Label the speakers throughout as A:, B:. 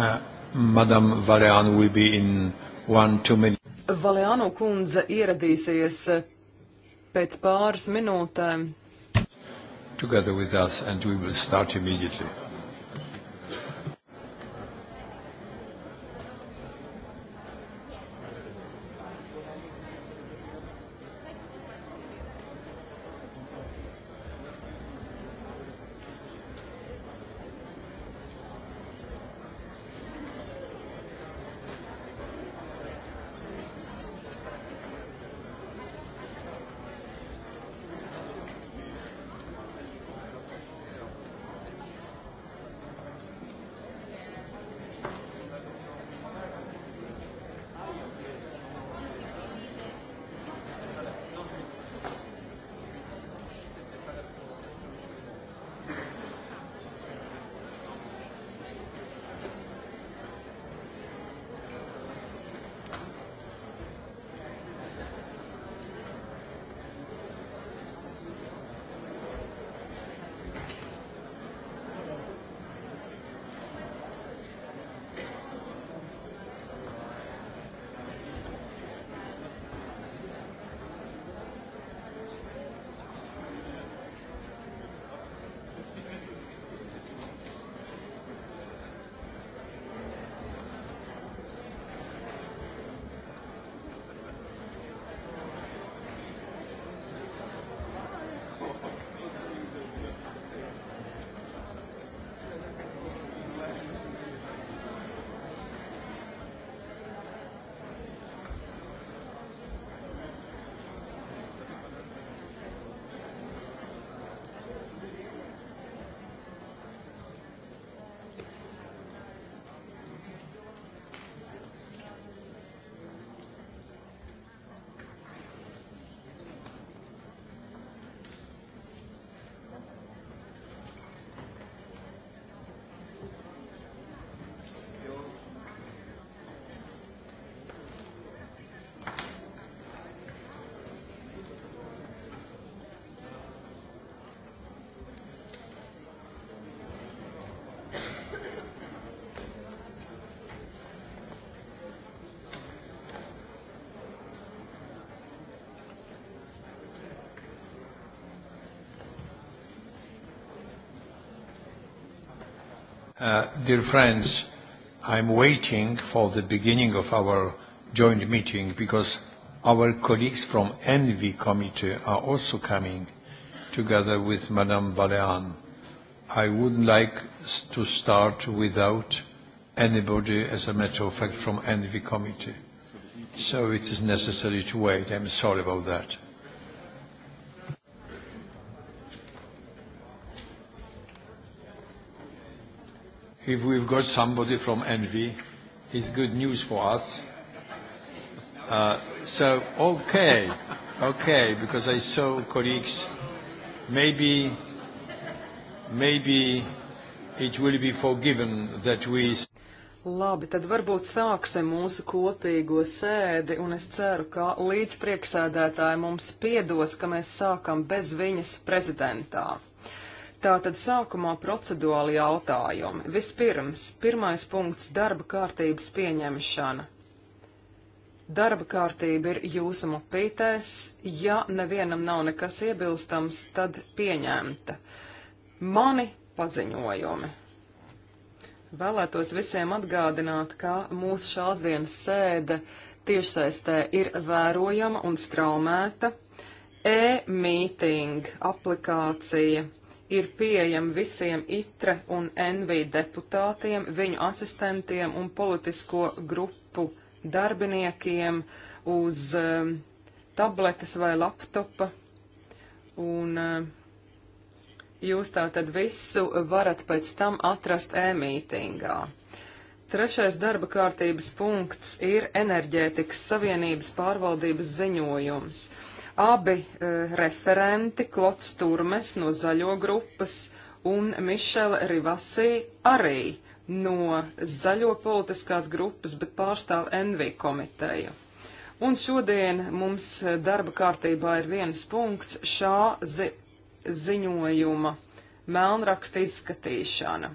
A: Uh, Madam Valean will be in one, two minutes.
B: Valeano kundze ieradīsies pēc pāris minūtēm.
A: Together with us and we will start immediately. Uh, dear friends, I'm waiting for the beginning of our joint meeting because our colleagues from Envy Committee are also coming together with Madame Balean. I would like to start without anybody, as a matter of fact, from Envy Committee. So it is necessary to wait. I'm sorry about that. if we've got somebody from Envy, it's good news for us. Uh, so, okay, okay, because I saw colleagues, maybe, maybe it will be forgiven that we.
B: Labi, tad varbūt sāksim mūsu kopīgo sēdi, un es ceru, ka līdz prieksēdētāji mums piedos, ka mēs sākam bez viņas prezidentā. Tātad sākumā procedūāli jautājumi. Vispirms, pirmais punkts - darba kārtības pieņemšana. Darba kārtība ir jūsu mapītēs, ja nevienam nav nekas iebilstams, tad pieņemta. Mani paziņojumi. Vēlētos visiem atgādināt, ka mūsu šās dienas sēde tiešsaistē ir vērojama un straumēta. E-meeting aplikācija ir pieejama visiem ITRE un NV deputātiem, viņu asistentiem un politisko grupu darbiniekiem uz um, tabletes vai laptopa. Un, um, Jūs tātad visu varat pēc tam atrast e-mītingā. Trešais darba kārtības punkts ir enerģētikas savienības pārvaldības ziņojums. Abi uh, referenti, Klots Turmes no zaļo grupas un Mišela Rivasī arī no zaļo politiskās grupas, bet pārstāv NV komiteju. Un šodien mums eh, darba kārtībā ir viens punkts šā zi ziņojuma melnraksta izskatīšana.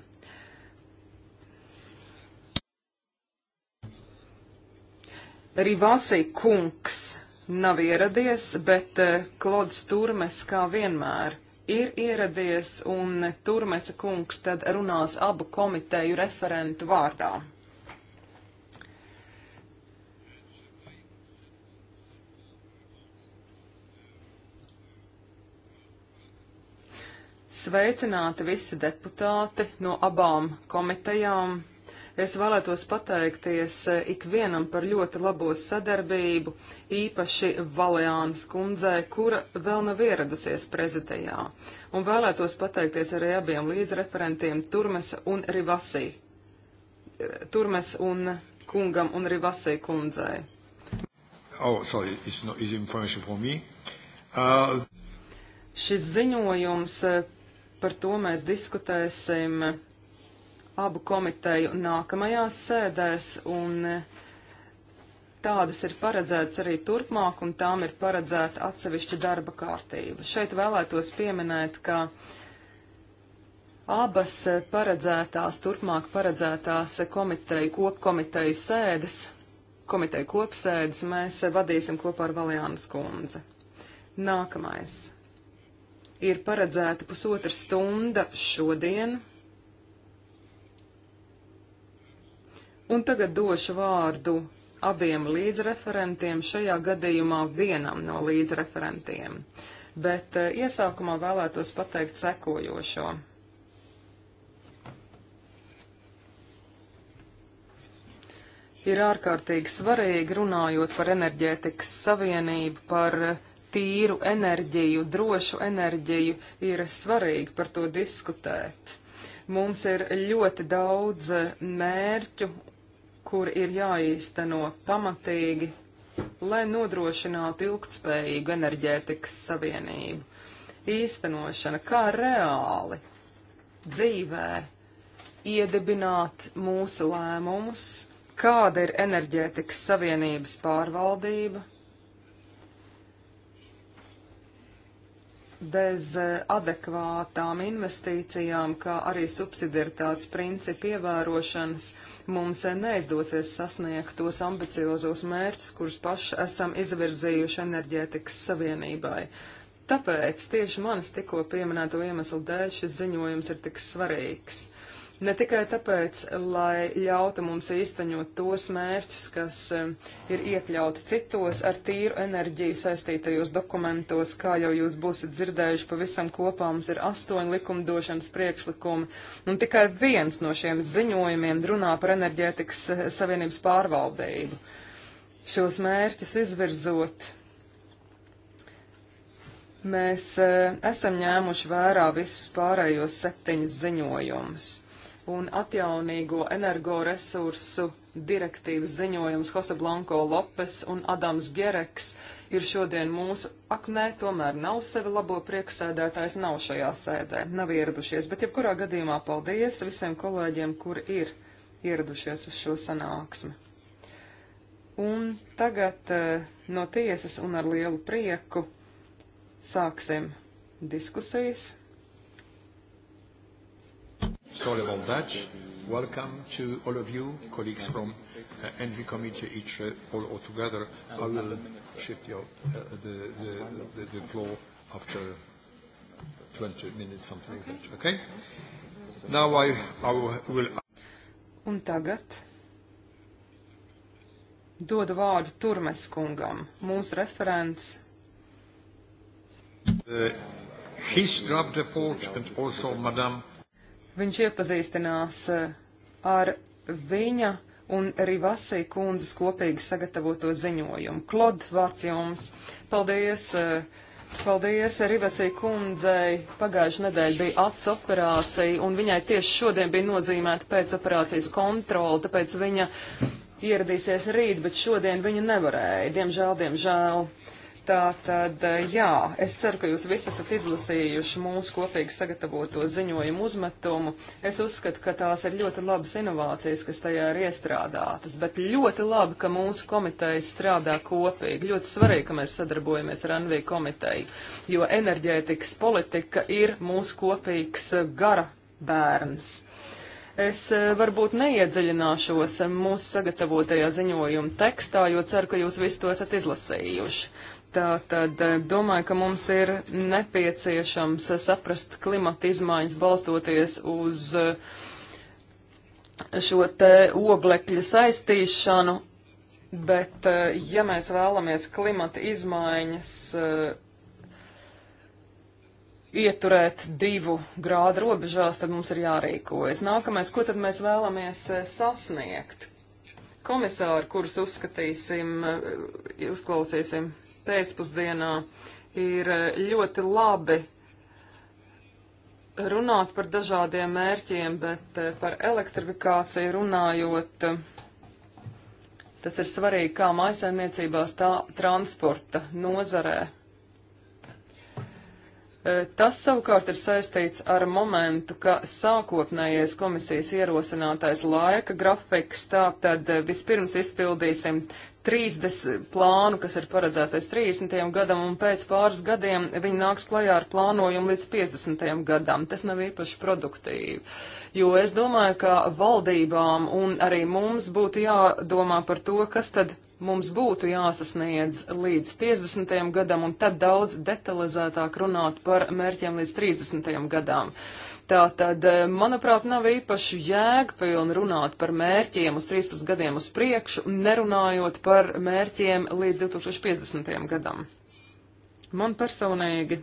B: Rivasī kungs nav ieradies, bet eh, Klods Turmes kā vienmēr ir ieradies, un Turmesa kungs tad runās abu komiteju referentu vārdā. Sveicināti visi deputāti no abām komitejām. Es vēlētos pateikties eh, ikvienam par ļoti labo sadarbību, īpaši Valēānas kundzē, kura vēl nav ieradusies prezidijā. Un vēlētos pateikties arī abiem līdzreferentiem Turmes un Rivasī. Eh, Turmes un kungam un Rivasī kundzē.
A: Oh, sorry, it's not, it's information for me. Uh... Šis ziņojums,
B: eh, par to mēs diskutēsim abu komiteju nākamajās sēdēs, un eh, tādas ir paredzētas arī turpmāk, un tām ir paredzēta atsevišķa darba kārtība. Šeit vēlētos pieminēt, ka abas eh, paredzētās, turpmāk paredzētās eh, komiteju, kopkomiteju sēdes, komiteju kopsēdes mēs vadīsim kopā ar Valjānas kundzi. Nākamais. Ir paredzēta pusotra stunda šodien, Un tagad došu vārdu abiem līdzreferentiem, šajā gadījumā vienam no līdzreferentiem. Bet eh, iesākumā vēlētos pateikt sekojošo. Ir ārkārtīgi svarīgi runājot par enerģētikas savienību, par tīru enerģiju, drošu enerģiju, ir svarīgi par to diskutēt. Mums ir ļoti daudz mērķu kur ir jāīsteno pamatīgi, lai nodrošinātu ilgtspējīgu enerģētikas savienību. Īstenošana, kā reāli dzīvē iedibināt mūsu lēmumus, kāda ir enerģētikas savienības pārvaldība, bez eh, adekvātām investīcijām, kā arī subsidiaritātes principu ievērošanas, mums eh, neizdosies sasniegt tos ambiciozos mērķus, kurus paši esam izvirzījuši enerģētikas savienībai. Tāpēc tieši manis tikko pieminēto iemeslu dēļ šis ziņojums ir tik svarīgs. Ne tikai tāpēc, lai ļautu mums īstenot tos mērķus, kas um, ir iekļauti citos ar tīru enerģiju saistītajos dokumentos, kā jau jūs būsiet dzirdējuši, pavisam kopā mums ir astoņi likumdošanas priekšlikumi, un tikai viens no šiem ziņojumiem runā par enerģētikas eh, savienības pārvaldību. Šos mērķus izvirzot mēs e, esam ņēmuši vērā visus pārējos septiņus ziņojumus un atjaunīgo energoresursu direktīvas ziņojums Jose Blanko Lopes un Adams Gereks ir šodien mūsu aknē, tomēr nav sevi labo priekšsēdētājs, nav šajā sēdē, nav ieradušies, bet jebkurā gadījumā paldies visiem kolēģiem, kuri ir ieradušies uz šo sanāksmi. Un tagad eh, no tiesas un ar lielu prieku sāksim diskusijas.
A: Sorry about that. Welcome to all of you, colleagues from uh, Envy Committee, each uh, all, all together. I will shift your, uh, the, the, the, the floor after 20 minutes, something like that. Okay? Now I, I will... Un
B: tagad dodu vārdu Turmes kungam, mūsu referents.
A: Uh, his draft report and also Madame
B: Viņš iepazīstinās eh, ar viņa un Rivasī kundzes kopīgi sagatavoto ziņojumu. Klod, vārds jums. Paldies! Eh, paldies Rivasī kundzei. Pagājušajā nedēļā bija acu operācija, un viņai tieši šodien bija nozīmēta pēcoperācijas kontrola, tāpēc viņa ieradīsies rīt, bet šodien viņa nevarēja. Diemžēl, diemžēl. Uh, Tā tad, jā, es ceru, ka jūs visi esat izlasījuši mūsu kopīgi sagatavoto ziņojumu uzmetumu. Es uzskatu, ka tās ir ļoti labas inovācijas, kas tajā ir iestrādātas, bet ļoti labi, ka mūsu komitejas strādā kopīgi. Ļoti svarīgi, ka mēs sadarbojamies ar NV komiteju, jo enerģētikas politika ir mūsu kopīgs eh, gara bērns. Es eh, varbūt neiedziļināšos mūsu sagatavotajā ziņojuma tekstā, jo ceru, ka jūs visu to esat izlasījuši. Tā tad eh, domāju, ka mums ir nepieciešams eh, saprast klimata izmaiņas balstoties uz eh, šo te oglekļa saistīšanu, bet ja mēs vēlamies klimata izmaiņas ieturēt divu grādu robežās, tad mums ir jārīkojas. Nākamais, ko tad mēs vēlamies sasniegt? Komisāri, kurus uzskatīsim, uzklausīsim pēcpusdienā ir eh, ļoti labi runāt par dažādiem mērķiem, bet eh, par elektrifikāciju runājot, eh, tas ir svarīgi kā maisaimniecībās, tā transporta nozarē. Tas savukārt ir saistīts ar momentu, ka sākotnējais komisijas ierosinātais laika grafiks tātad vispirms izpildīsim 30 plānu, kas ir paredzēts līdz 30. gadam, un pēc pāris gadiem viņi nāks klajā ar plānojumu līdz 50. gadam. Tas nav īpaši produktīvi, jo es domāju, ka valdībām un arī mums būtu jādomā par to, kas tad mums būtu jāsasniedz līdz 50. gadam un tad daudz detalizētāk runāt par mērķiem līdz 30. gadam. Tā tad, eh, manuprāt, nav īpaši jēgpilni runāt par mērķiem uz 13 gadiem uz priekšu, nerunājot par mērķiem līdz 2050. gadam. Man personīgi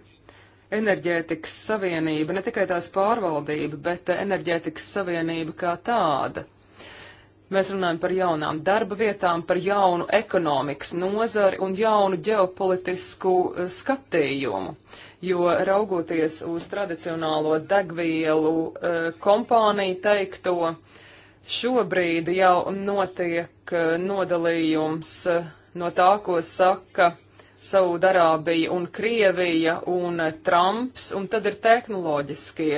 B: enerģētikas savienība, ne tikai tās pārvaldība, bet eh, enerģētikas savienība kā tāda Mēs runājam par jaunām darba vietām, par jaunu ekonomikas nozari un jaunu ģeopolitisku eh, skatījumu, jo raugoties uz tradicionālo degvielu eh, kompāniju teikto, šobrīd jau notiek eh, nodalījums no tā, ko saka Saudarābija un Krievija un Trumps, un tad ir tehnoloģiskie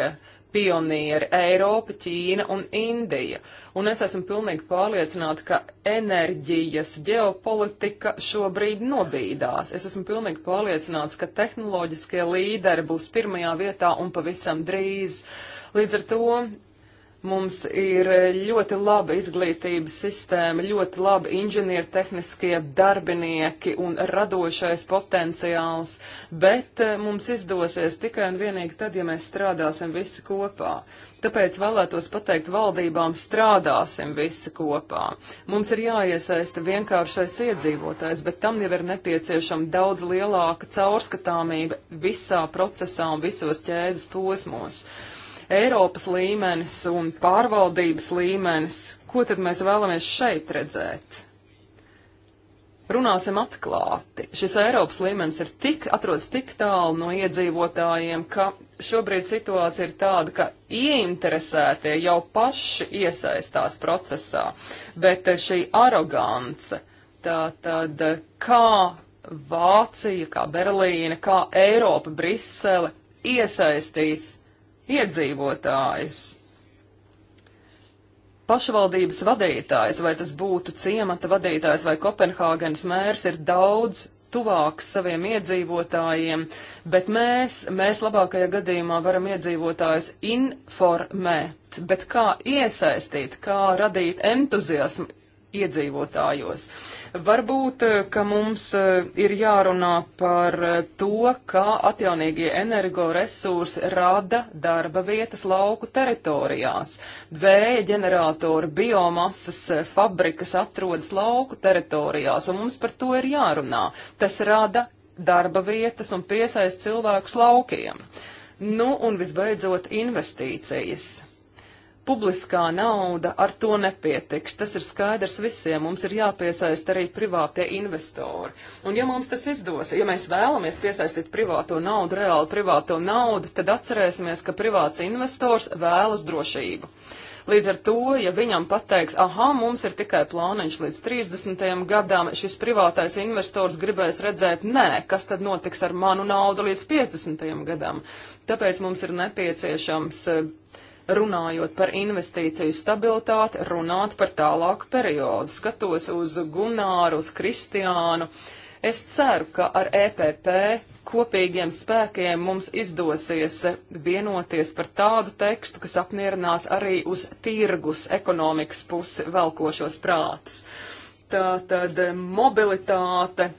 B: pionieri Eiropa, Ķīna un Indija. Un es esmu pilnīgi pārliecināta, ka enerģijas ģeopolitika šobrīd nobīdās. Es esmu pilnīgi pārliecināts, ka tehnoloģiskie līderi būs pirmajā vietā un pavisam drīz. Līdz ar to Mums ir ļoti laba izglītības sistēma, ļoti labi inženiertehniskie darbinieki un radošais potenciāls, bet eh, mums izdosies tikai un vienīgi tad, ja mēs strādāsim visi kopā. Tāpēc vēlētos pateikt valdībām, strādāsim visi kopā. Mums ir jāiesaista vienkāršais iedzīvotājs, bet tam jau ir nepieciešama daudz lielāka caurskatāmība visā procesā un visos ķēdes posmos. Eiropas līmenis un pārvaldības līmenis, ko tad mēs vēlamies šeit redzēt? Runāsim atklāti. Šis Eiropas līmenis ir tik, atrodas tik tālu no iedzīvotājiem, ka šobrīd situācija ir tāda, ka ieinteresētie jau paši iesaistās procesā, bet šī arogance, tā tad kā Vācija, kā Berlīna, kā Eiropa, Brisele iesaistīs iedzīvotājus. Pašvaldības vadītājs, vai tas būtu ciemata vadītājs vai Kopenhāgenes mērs, ir daudz tuvāks saviem iedzīvotājiem, bet mēs, mēs labākajā gadījumā varam iedzīvotājus informēt, bet kā iesaistīt, kā radīt entuziasmu iedzīvotājos. Varbūt, eh, ka mums eh, ir jārunā par eh, to, kā atjaunīgie energoresursi rada darba vietas lauku teritorijās. Vēja ģeneratori, biomasas fabrikas atrodas lauku teritorijās, un mums par to ir jārunā. Tas rada darba vietas un piesaist cilvēkus laukiem. Nu, un visbeidzot, investīcijas publiskā nauda ar to nepietiks. Tas ir skaidrs visiem. Mums ir jāpiesaist arī privātie investori. Un ja mums tas izdos, ja mēs vēlamies piesaistīt privāto naudu, reāli privāto naudu, tad atcerēsimies, ka privāts investors vēlas drošību. Līdz ar to, ja viņam pateiks, aha, mums ir tikai plāniņš līdz 30. gadām, šis privātais investors gribēs redzēt, nē, kas tad notiks ar manu naudu līdz 50. gadam. Tāpēc mums ir nepieciešams eh, runājot par investīciju stabilitāti, runāt par tālāku periodu. Skatos uz Gunāru, uz Kristiānu. Es ceru, ka ar EPP kopīgiem spēkiem mums izdosies vienoties par tādu tekstu, kas apmierinās arī uz tirgus ekonomikas pusi velkošos prātus. Tātad mobilitāte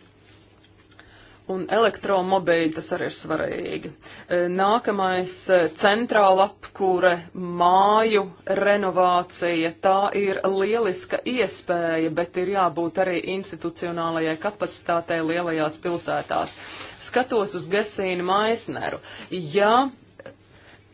B: un elektromobīļi, tas arī ir svarīgi. E, nākamais e, centrāla apkūre, māju renovācija, tā ir lieliska iespēja, bet ir jābūt arī institucionālajai kapacitātei lielajās pilsētās. Skatos uz Gesīnu Maisneru. Ja,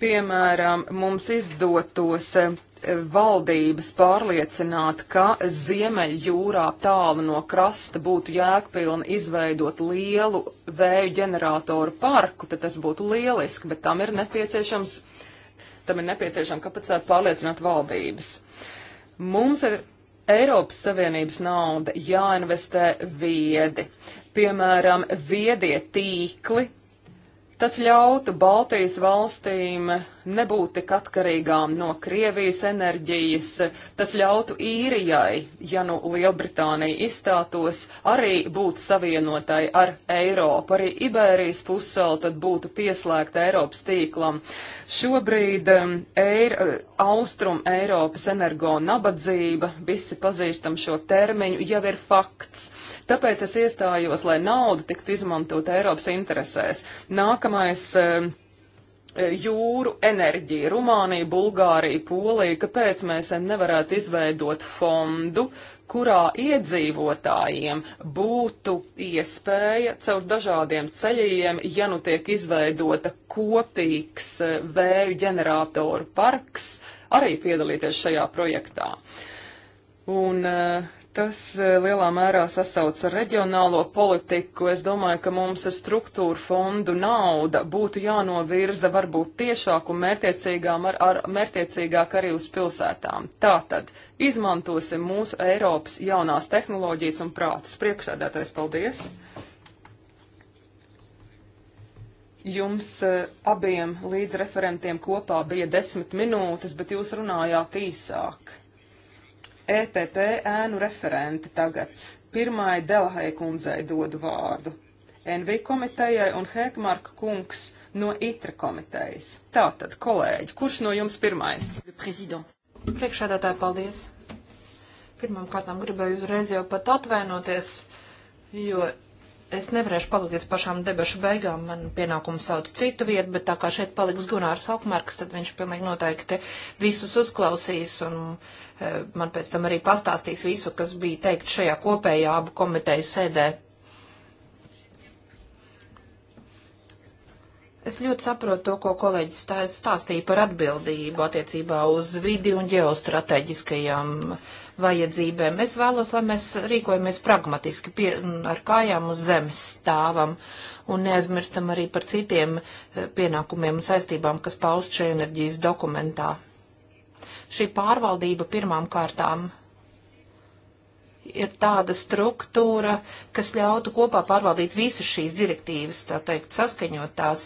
B: piemēram, mums izdotos e, valdības pārliecināt, ka Ziemeļjūrā tālu no krasta būtu jēgpilni izveidot lielu vēju ģeneratoru parku, tad tas būtu lieliski, bet tam ir nepieciešams, tam ir nepieciešama kapacitāte pārliecināt valdības. Mums ir Eiropas Savienības nauda jāinvestē viedi. Piemēram, viedie tīkli Tas ļautu Baltijas valstīm nebūt tik atkarīgām no Krievijas enerģijas, tas ļautu īrijai, ja nu Lielbritānija izstātos, arī būt savienotai ar Eiropu, arī Iberijas pusēl tad būtu pieslēgta Eiropas tīklam. Šobrīd um, eir, uh, austrum Eiropas energo nabadzība, visi pazīstam šo termiņu, jau ir fakts. Tāpēc es iestājos, lai nauda tiktu izmantot Eiropas interesēs. Nākamais eh, eh, jūru enerģija, Rumānija, Bulgārija, Polija, kāpēc mēs nevarētu izveidot fondu, kurā iedzīvotājiem būtu iespēja caur dažādiem ceļiem, ja nu tiek izveidota kopīgs eh, vēju ģeneratoru parks, arī piedalīties šajā projektā. Un uh, Tas e, lielā mērā sasauc ar reģionālo politiku. Es domāju, ka mums struktūra fondu nauda būtu jānovirza varbūt tiešāk un mērtiecīgāk ar, ar, mērtiecīgāk arī uz pilsētām. Tātad izmantosim mūsu Eiropas jaunās tehnoloģijas un prātus. Priekšsēdētais, paldies! Jums e, abiem līdzreferentiem kopā bija desmit minūtes, bet jūs runājāt īsāk. EPP ēnu referenti tagad. Pirmai Delhai kundzei dodu vārdu. NV komitejai un Hekmarka kungs no ITRA e komitejas. Tātad,
C: kolēģi, kurš no jums pirmais? Priekšādātāji, paldies. Pirmam kārtām gribēju uzreiz jau pat atvainoties, jo es nevarēšu palikt līdz pašām debašu beigām, man pienākums sauc citu vietu, bet tā kā šeit paliks Gunārs Haukmarks, tad viņš pilnīgi noteikti visus uzklausīs un e, man pēc tam arī pastāstīs visu, kas bija teikt šajā kopējā abu komiteju sēdē. Es ļoti saprotu to, ko kolēģis stāstīja par atbildību attiecībā uz vidi un ģeostrateģiskajām uh, vajadzībēm. Es vēlos, lai mēs rīkojamies pragmatiski, pie, ar kājām uz zemes stāvam un neaizmirstam arī par citiem e, pienākumiem un saistībām, kas paust šajā enerģijas dokumentā. Šī pārvaldība pirmām kārtām ir tāda struktūra, kas ļautu kopā pārvaldīt visas šīs direktīvas, tā teikt, saskaņot tās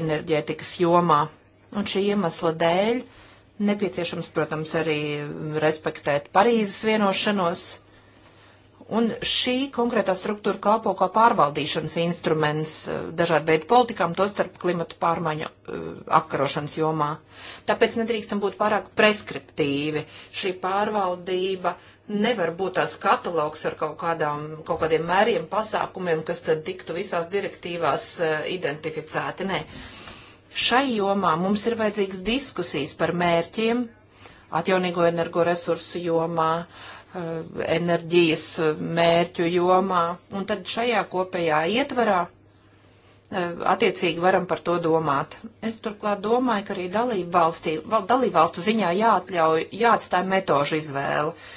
C: enerģētikas jomā. Un šī iemesla dēļ uh, Nepieciešams, protams, arī respektēt Parīzes vienošanos. Un šī konkrētā struktūra kalpo kā pārvaldīšanas instruments eh, dažādu veidu politikām, tostarp klimatu pārmaiņu eh, apkarošanas jomā. Tāpēc nedrīkstam būt pārāk preskriptīvi. Šī pārvaldība nevar būt tās katalogs ar kaut, kādām, kaut kādiem mēriem pasākumiem, kas tad tiktu visās direktīvās eh, identificēti. Nē. Mm Šai jomā mums ir vajadzīgas diskusijas par mērķiem atjaunīgo energoresursu jomā, eh, enerģijas eh, mērķu jomā, un tad šajā kopējā ietvarā eh, attiecīgi varam par to domāt. Es turklāt domāju, ka arī dalību, valstī, dalību valstu ziņā jāatļauj, jāatstāja metožu izvēle. Uh,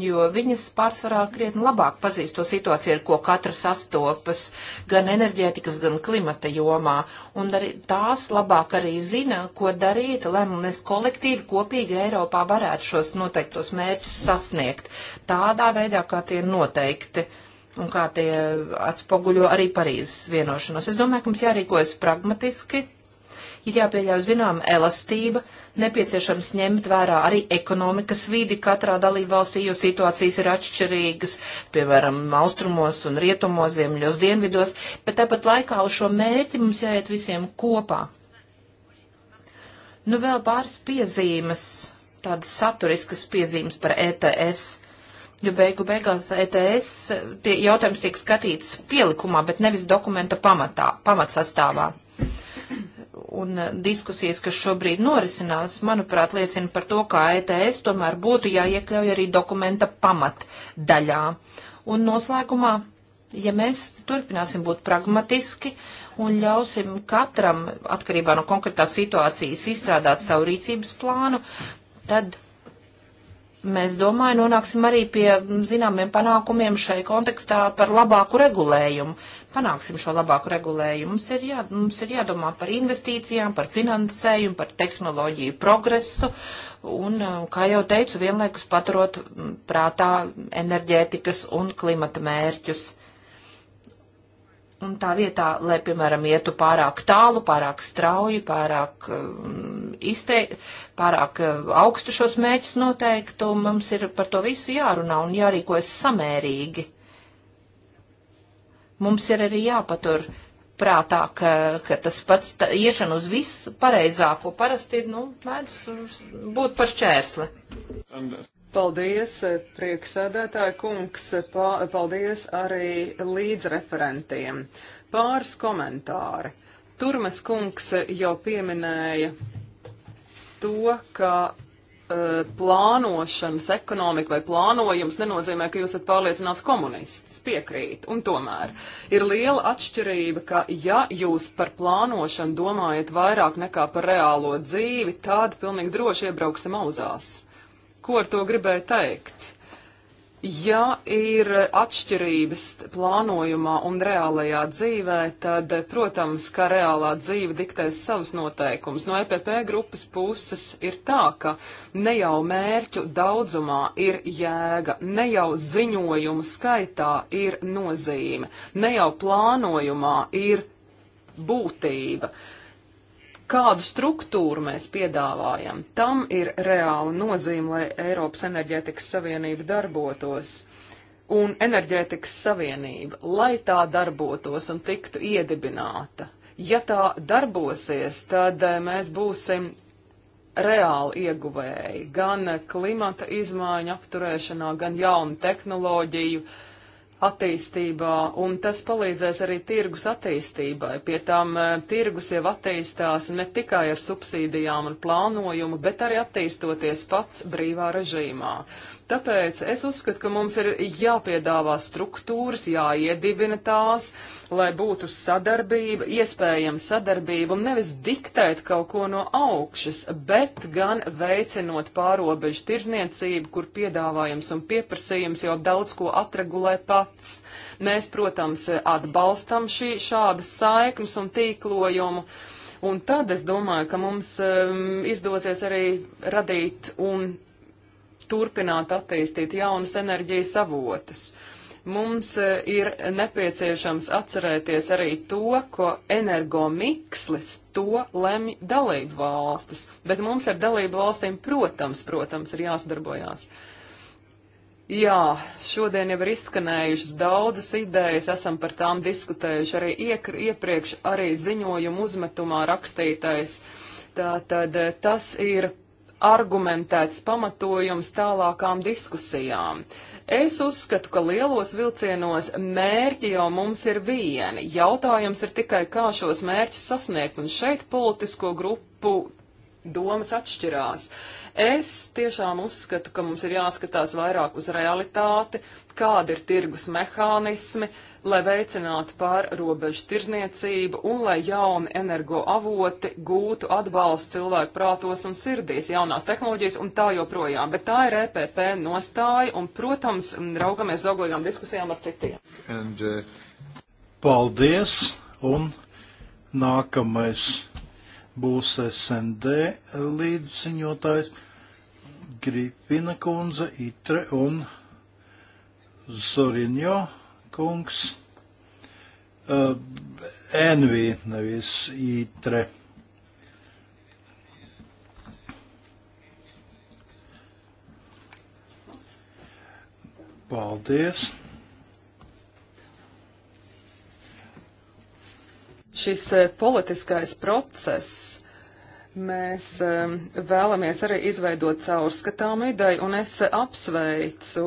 C: jo viņas pārsvarā krietni labāk pazīst to situāciju, ar ko katra sastopas gan enerģētikas, gan klimata jomā. Un arī tās labāk arī zina, ko darīt, lai mēs kolektīvi kopīgi Eiropā varētu šos noteiktos mērķus sasniegt. Tādā veidā, kā tie noteikti. Un kā tie atspoguļo arī Parīzes vienošanos. Es domāju, ka mums jārīkojas pragmatiski, ir jāpieļauj zinām elastība, nepieciešams ņemt vērā arī ekonomikas vidi katrā dalībvalstī, jo situācijas ir atšķirīgas, piemēram, austrumos un rietumos, ziemļos, dienvidos, bet tāpat laikā uz šo mērķi mums jāiet visiem kopā. Nu vēl pāris piezīmes, tādas saturiskas piezīmes par ETS. Jo beigu beigās ETS tie jautājums tiek skatīts pielikumā, bet nevis dokumenta pamatā, pamatsastāvā un diskusijas, kas šobrīd norisinās, manuprāt, liecina par to, ka ETS tomēr būtu jāiekļauj arī dokumenta pamatdaļā. Un noslēgumā, ja mēs turpināsim būt pragmatiski un ļausim katram, atkarībā no konkrētās situācijas, izstrādāt savu rīcības plānu, tad mēs domāju, nonāksim arī pie zināmiem panākumiem šai kontekstā par labāku regulējumu panāksim šo labāku regulējumu. Mums ir, jā, mums ir jādomā par investīcijām, par finansējumu, par tehnoloģiju progresu un, uh, kā jau teicu, vienlaikus paturot mm, prātā enerģētikas un klimata mērķus. Un tā vietā, lai, piemēram, ietu pārāk tālu, pārāk strauji, pārāk, um, mm, izteik, pārāk uh, augstu šos mērķus noteiktu, mums ir par to visu jārunā un jārīkojas samērīgi. Mums ir arī jāpatur prātā, ka, ka tas pats tā, iešana uz visu pareizāko parasti ir, nu, mēdz būt par šķērsli. Paldies,
B: prieksēdētāja kungs, paldies arī līdzreferentiem. Pāris komentāri. Turmes kungs jau pieminēja to, ka Eh, plānošanas ekonomika vai plānojums nenozīmē, ka jūs esat pārliecināts komunists. Piekrīt. Un tomēr ir liela atšķirība, ka ja jūs par plānošanu domājat vairāk nekā par reālo dzīvi, tad pilnīgi droši iebrauksim auzās. Ko ar to gribēju teikt? Ja ir atšķirības plānojumā un reālajā dzīvē, tad, protams, ka reālā dzīve diktēs savus noteikumus. No EPP grupas puses ir tā, ka ne jau mērķu daudzumā ir jēga, ne jau ziņojumu skaitā ir nozīme, ne jau plānojumā ir būtība. Uh, kādu struktūru mēs piedāvājam. Tam ir reāla nozīme, lai Eiropas enerģētikas savienība darbotos. Un enerģētikas savienība, lai tā darbotos un tiktu iedibināta. Ja tā darbosies, tad eh, mēs būsim reāli ieguvēji gan klimata izmaiņu apturēšanā, gan jaunu tehnoloģiju uh, attīstībā, un tas palīdzēs arī tirgus attīstībai. Pie tām e, tirgus jau attīstās ne tikai ar subsīdijām un plānojumu, bet arī attīstoties pats brīvā režīmā. Tāpēc es uzskatu, ka mums ir jāpiedāvā struktūras, jāiedibina tās, lai būtu sadarbība, iespējama sadarbība, un nevis diktēt kaut ko no augšas, bet gan veicinot pārobežu tirzniecību, kur piedāvājums un pieprasījums jau daudz ko atregulē pats. Mēs, protams, atbalstam šī, šādas saiknes un tīklojumu. Un tad es domāju, ka mums um, izdosies arī radīt un turpināt attīstīt jaunas enerģijas avotus. Mums e, ir nepieciešams atcerēties arī to, ko energomikslis to lemj dalību valstis, bet mums ar dalību valstīm, protams, protams, ir jāsadarbojās. Jā, šodien jau ir izskanējušas daudzas idejas, esam par tām diskutējuši arī iekri, iepriekš, arī ziņojumu uzmetumā rakstītais. Tātad e, tas ir argumentēts pamatojums tālākām diskusijām. Es uzskatu, ka lielos vilcienos mērķi jau mums ir vieni. Jautājums ir tikai, kā šos mērķus sasniegt, un šeit politisko grupu domas atšķirās. Es tiešām uzskatu, ka mums ir jāskatās vairāk uz realitāti, kāda ir tirgus mehānismi, lai veicinātu pārrobežu tirzniecību un lai jauni energoavoti gūtu atbalstu cilvēku prātos un sirdīs, jaunās tehnoloģijas un tā joprojām. Bet tā ir EPP nostāja un, protams, raugamies auglīgām diskusijām ar citiem.
D: And, uh... Paldies! Un nākamais būs SND līdziņotājs Gripina kundze, Itre un Zorinjo kungs. Uh, Envī, nevis Itre. Paldies!
B: šis eh, politiskais process. Mēs eh, vēlamies arī izveidot caurskatāmu ideju, un es apsveicu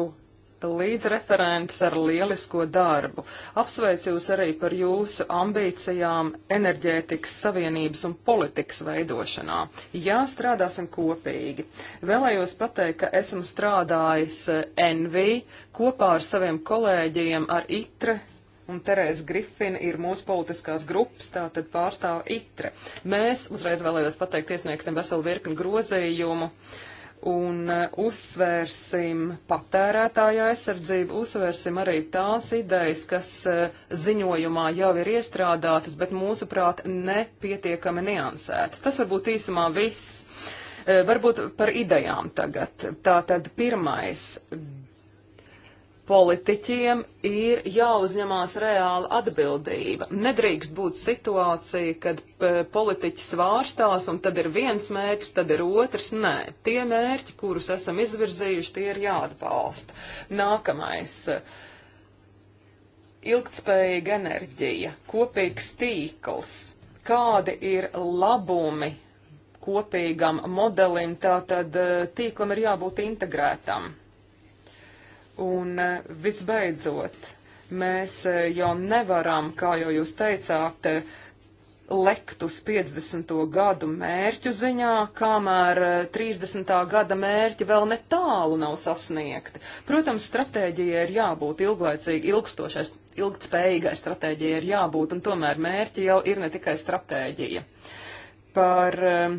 B: līdzreferents ar lielisko darbu. Apsveicu jūs arī par jūsu ambīcijām enerģētikas savienības un politikas veidošanā. Jā, strādāsim kopīgi. Vēlējos pateikt, ka esmu strādājis eh, NV kopā ar saviem kolēģiem ar ITRE un Terēza Grifina ir mūsu politiskās grupas, tātad pārstāv itre. Mēs uzreiz vēlējos pateikt iesniegsim veselu virkni grozījumu un e, uzsvērsim patērētāju aizsardzību, uzsvērsim arī tās idejas, kas e, ziņojumā jau ir iestrādātas, bet mūsuprāt nepietiekami niansētas. Tas varbūt īsumā viss. E, varbūt par idejām tagad. Tātad pirmais politiķiem ir jāuzņemās reāla atbildība. Nedrīkst būt situācija, kad e, politiķis vārstās un tad ir viens mērķis, tad ir otrs. Nē, tie mērķi, kurus esam izvirzījuši, tie ir jāatbalsta. Nākamais. E, ilgtspējīga enerģija, kopīgs tīkls. Kādi ir labumi kopīgam modelim, tātad e, tīklam ir jābūt integrētam. Un eh, visbeidzot, mēs eh, jau nevaram, kā jau jūs teicāt, eh, lekt uz 50. gadu mērķu ziņā, kamēr 30. gada mērķi vēl netālu nav sasniegti. Protams, stratēģija ir jābūt ilglaicīgi ilgstošais, ilgtspējīgai stratēģija ir jābūt, un tomēr mērķi jau ir ne tikai stratēģija. Par uh,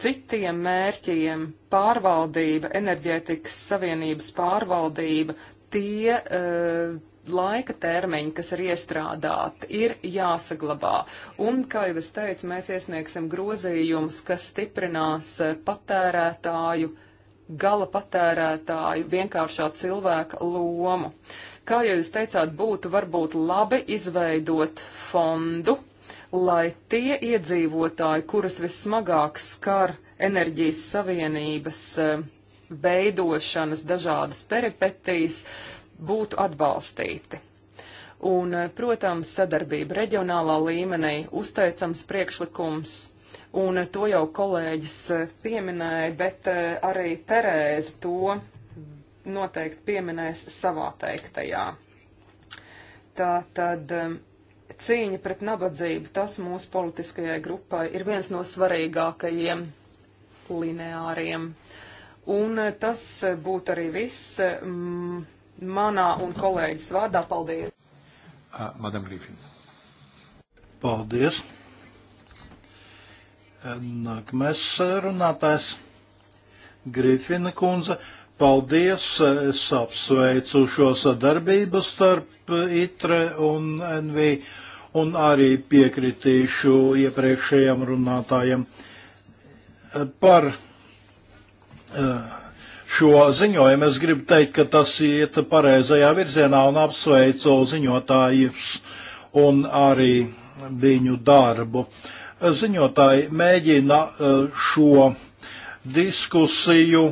B: citiem mērķiem pārvaldība, enerģētikas savienības pārvaldība, tie uh, laika termiņi, kas ir iestrādāti, ir jāsaglabā. Un, kā jau es teicu, mēs iesniegsim grozījumus, kas stiprinās eh, patērētāju, gala patērētāju, vienkāršā cilvēka lomu. Kā jau jūs teicāt, būtu varbūt labi izveidot fondu, lai tie iedzīvotāji, kurus vismagāk skar enerģijas savienības eh, veidošanas dažādas peripetijas, būtu atbalstīti. Un, eh, protams, sadarbība reģionālā līmenī uzteicams priekšlikums, un eh, to jau kolēģis pieminēja, bet arī Terēze to noteikti pieminēs savā teiktajā. Tā tad cīņa pret nabadzību, tas mūsu politiskajai grupai ir viens no svarīgākajiem lineāriem. Un eh, tas būtu arī viss m, mm, manā un kolēģis vārdā. Paldies!
D: Uh, Madam Griffin. Paldies! Nākamais runātājs Grifina kundze. Paldies! Es apsveicu šo sadarbību starp starp ITRE un NV, un arī piekritīšu iepriekšējiem runātājiem eh, par eh, šo ziņojumu. Es gribu teikt, ka tas iet pareizajā virzienā un apsveicu ziņotājus un arī viņu darbu. Ziņotāji mēģina eh, šo diskusiju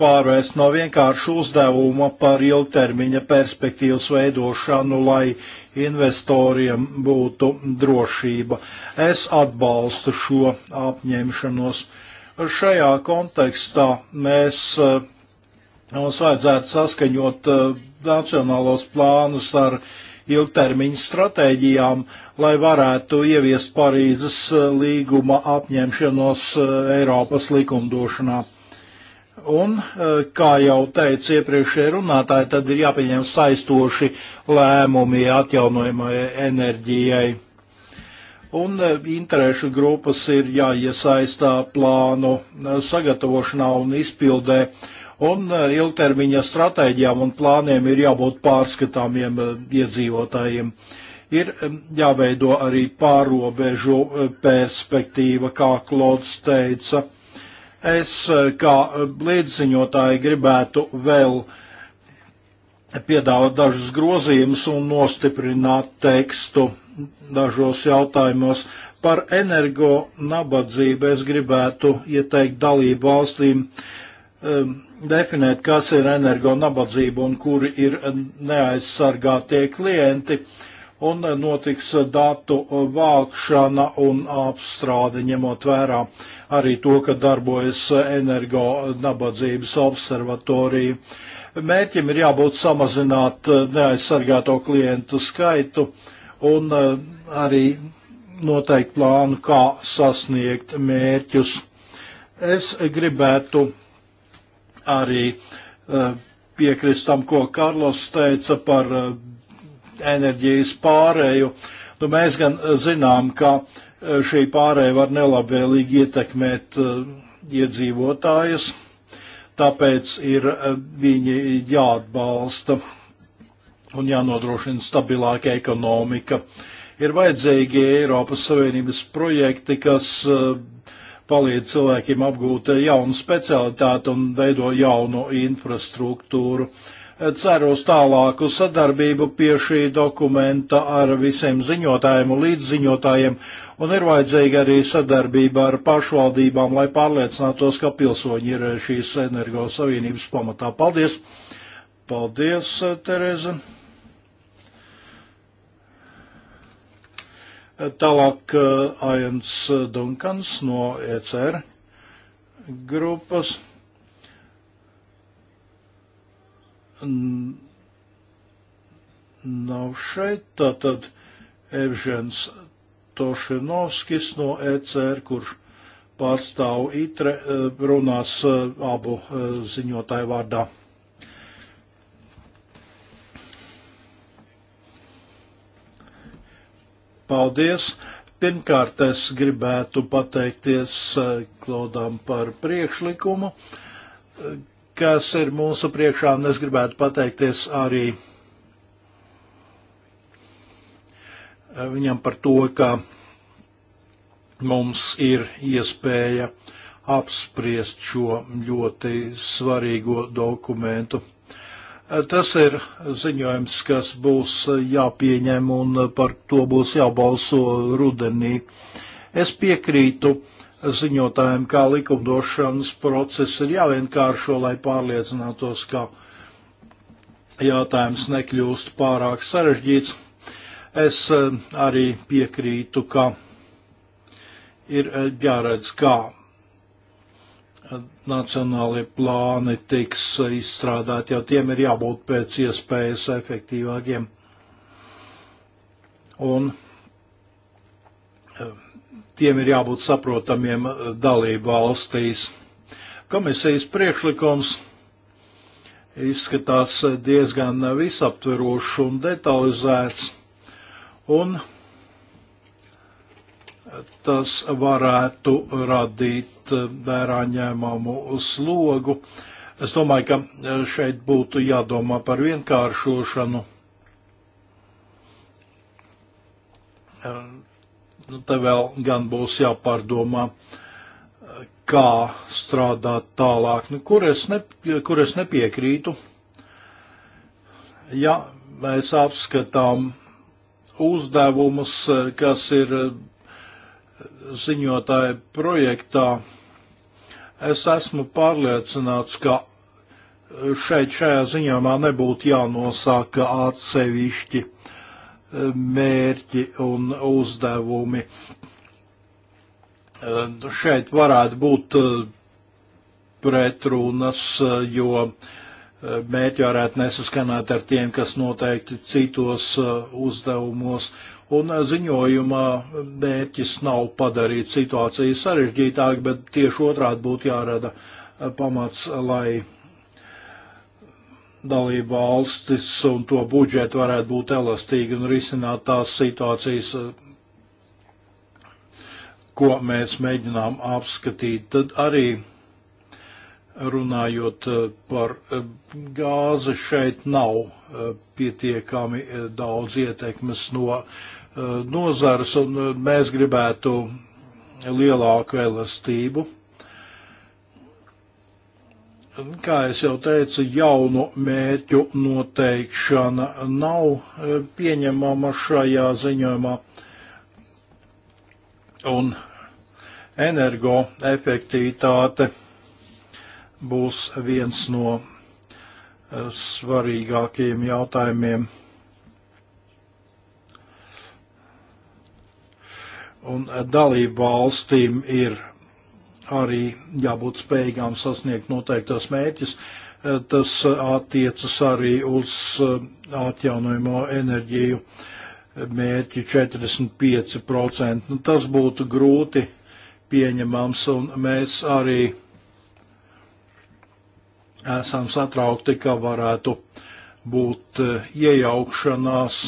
D: pārvērst no vienkāršu uzdevuma par ilgtermiņa perspektīvas veidošanu, lai investoriem būtu drošība. Es atbalstu šo apņemšanos. Šajā kontekstā mēs eh, mums vajadzētu saskaņot eh, nacionālos plānus ar ilgtermiņa stratēģijām, lai varētu ieviest Parīzes eh, līguma apņemšanos Eiropas likumdošanā. Un, e, kā jau teica iepriekšējie runātāji, tad ir jāpieņem saistoši lēmumi atjaunojamai enerģijai. Un e, interešu grupas ir jāiesaistā plānu e, sagatavošanā un izpildē. Un ilgtermiņa stratēģijām un plāniem ir jābūt pārskatāmiem iedzīvotājiem ir jāveido arī pārobežu perspektīva, kā Klods teica, Es eh, kā līdziņotāji gribētu vēl piedāvāt dažus grozījumus un nostiprināt tekstu dažos jautājumos. Par energo nabadzību es gribētu ieteikt dalību valstīm eh, definēt, kas ir energo nabadzība un kuri ir neaizsargātie klienti un eh, notiks datu vākšana un apstrāde ņemot vērā arī to, ka darbojas energo nabadzības observatorija. Mērķim ir jābūt samazināt eh, neaizsargāto klientu skaitu un eh, arī noteikt plānu, kā sasniegt mērķus. Es gribētu arī eh, piekrist tam, ko Karlos teica par enerģijas pārēju. Nu, mēs gan zinām, ka uh, šī pārēja var nelabvēlīgi ietekmēt eh, iedzīvotājas, tāpēc ir eh, viņi jāatbalsta un jānodrošina stabilāka ekonomika. Ir vajadzīgi Eiropas Savienības projekti, kas eh, palīdz cilvēkiem apgūt jaunu specialitāti un veido jaunu infrastruktūru. Uh, Ceru uz tālāku sadarbību pie šī dokumenta ar visiem ziņotājiem un līdziņotājiem, un ir vajadzīga arī sadarbība ar pašvaldībām, lai pārliecinātos, ka pilsoņi ir šīs energosavienības pamatā. Paldies! Paldies, Tereza! Tālāk eh, Ains Dunkans no ECR grupas. nav šeit. Tātad Evžens Tošinovskis no ECR, kurš pārstāv ITRE, runās eh, abu eh, ziņotāju vārdā. Paldies! Pirmkārt, es gribētu pateikties eh, Klaudam par priekšlikumu, kas ir mūsu priekšā, un es gribētu pateikties arī eh, viņam par to, ka mums ir iespēja apspriest šo ļoti svarīgo dokumentu. Eh, tas ir ziņojums, kas būs jāpieņem un par to būs jābalso rudenī. Es piekrītu uh, ziņotājiem, kā likumdošanas process ir jāvienkāršo, lai pārliecinātos, ka jautājums nekļūst pārāk sarežģīts. Es eh, arī piekrītu, ka ir eh, jāredz, kā eh, nacionālie plāni tiks izstrādāti, jo tiem ir jābūt pēc iespējas efektīvākiem. Un tiem ir jābūt saprotamiem eh, dalību valstīs. Komisijas priekšlikums izskatās eh, diezgan visaptverošs un detalizēts, un tas varētu radīt eh, vērā ņēmumu slogu. Es domāju, ka šeit būtu jādomā par vienkāršošanu Nu, te vēl gan būs jāpārdomā, kā strādāt tālāk, nu, kur, es ne, kur es nepiekrītu. Ja mēs apskatām uzdevumus, kas ir ziņotāja projektā, es esmu pārliecināts, ka šeit šajā ziņojumā nebūtu jānosaka atsevišķi mērķi un uzdevumi. Eh, šeit varētu būt eh, pretrunas, eh, jo mērķi varētu nesaskanēt ar tiem, kas noteikti citos uzdevumos, un ziņojumā mērķis nav padarīt situāciju sarežģītāk, bet tieši otrādi būtu jārada pamats, lai dalību valstis un to budžetu varētu būt elastīgi un risināt tās situācijas, ko mēs mēģinām apskatīt. Tad arī runājot eh, par eh, gāzi, šeit nav eh, pietiekami daudz ietekmes no nozares, un mēs gribētu lielāku elastību kā jau teicu, jaunu mērķu noteikšana nav e, pieņemama šajā ziņojumā. Un energoefektivitāte būs viens no e, svarīgākajiem jautājumiem. Un dalību valstīm ir arī jābūt spējīgām sasniegt noteiktos mērķus. Eh, tas eh, attiecas arī uz eh, atjaunojamo enerģiju mērķi 45%. Nu, tas būtu grūti pieņemams, un mēs arī esam satraukti, ka varētu būt iejaukšanās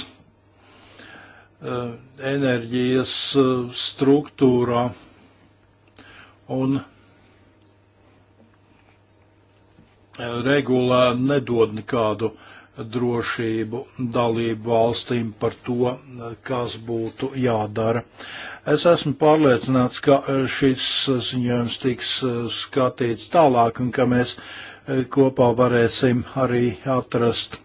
D: enerģijas struktūrā un e, regulā nedod nekādu drošību dalību valstīm par to, e, kas būtu jādara. Es esmu pārliecināts, ka e, šis ziņojums tiks skatīts tālāk un ka mēs kopā varēsim arī atrast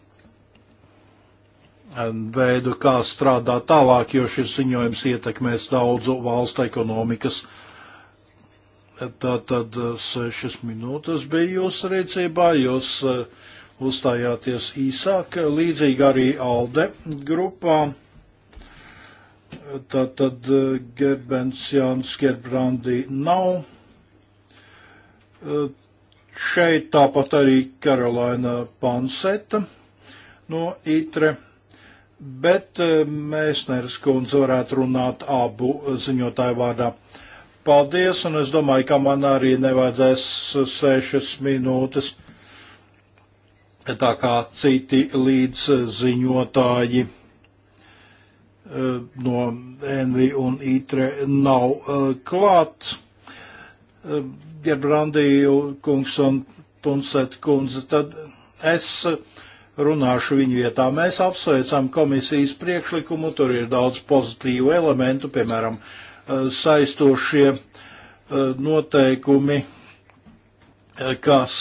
D: veidu, kā strādāt tālāk, jo šis ziņojums ietekmēs daudzu valstu ekonomikas Tātad eh, sešas minūtes bija jūsu rīcībā, jūs eh, uzstājāties īsāk, līdzīgi arī ALDE grupā. Tātad eh, Gerbens Jānis Gerbrandi nav. Šeit tāpat arī Karolaina Panseta no Itre bet mēs, Neres kundze, varētu runāt abu ziņotāju vārdā. Paldies, un es domāju, ka man arī nevajadzēs sešas minūtes, tā kā citi līdz ziņotāji eh, no Envi un Itre nav eh, klāt. Eh, Gerbrandīju kungs un Punset kundze, tad es runāšu viņu vietā. Mēs apsveicam komisijas priekšlikumu, tur ir daudz pozitīvu elementu, piemēram, uh, Eh, saistošie eh, noteikumi, eh, kas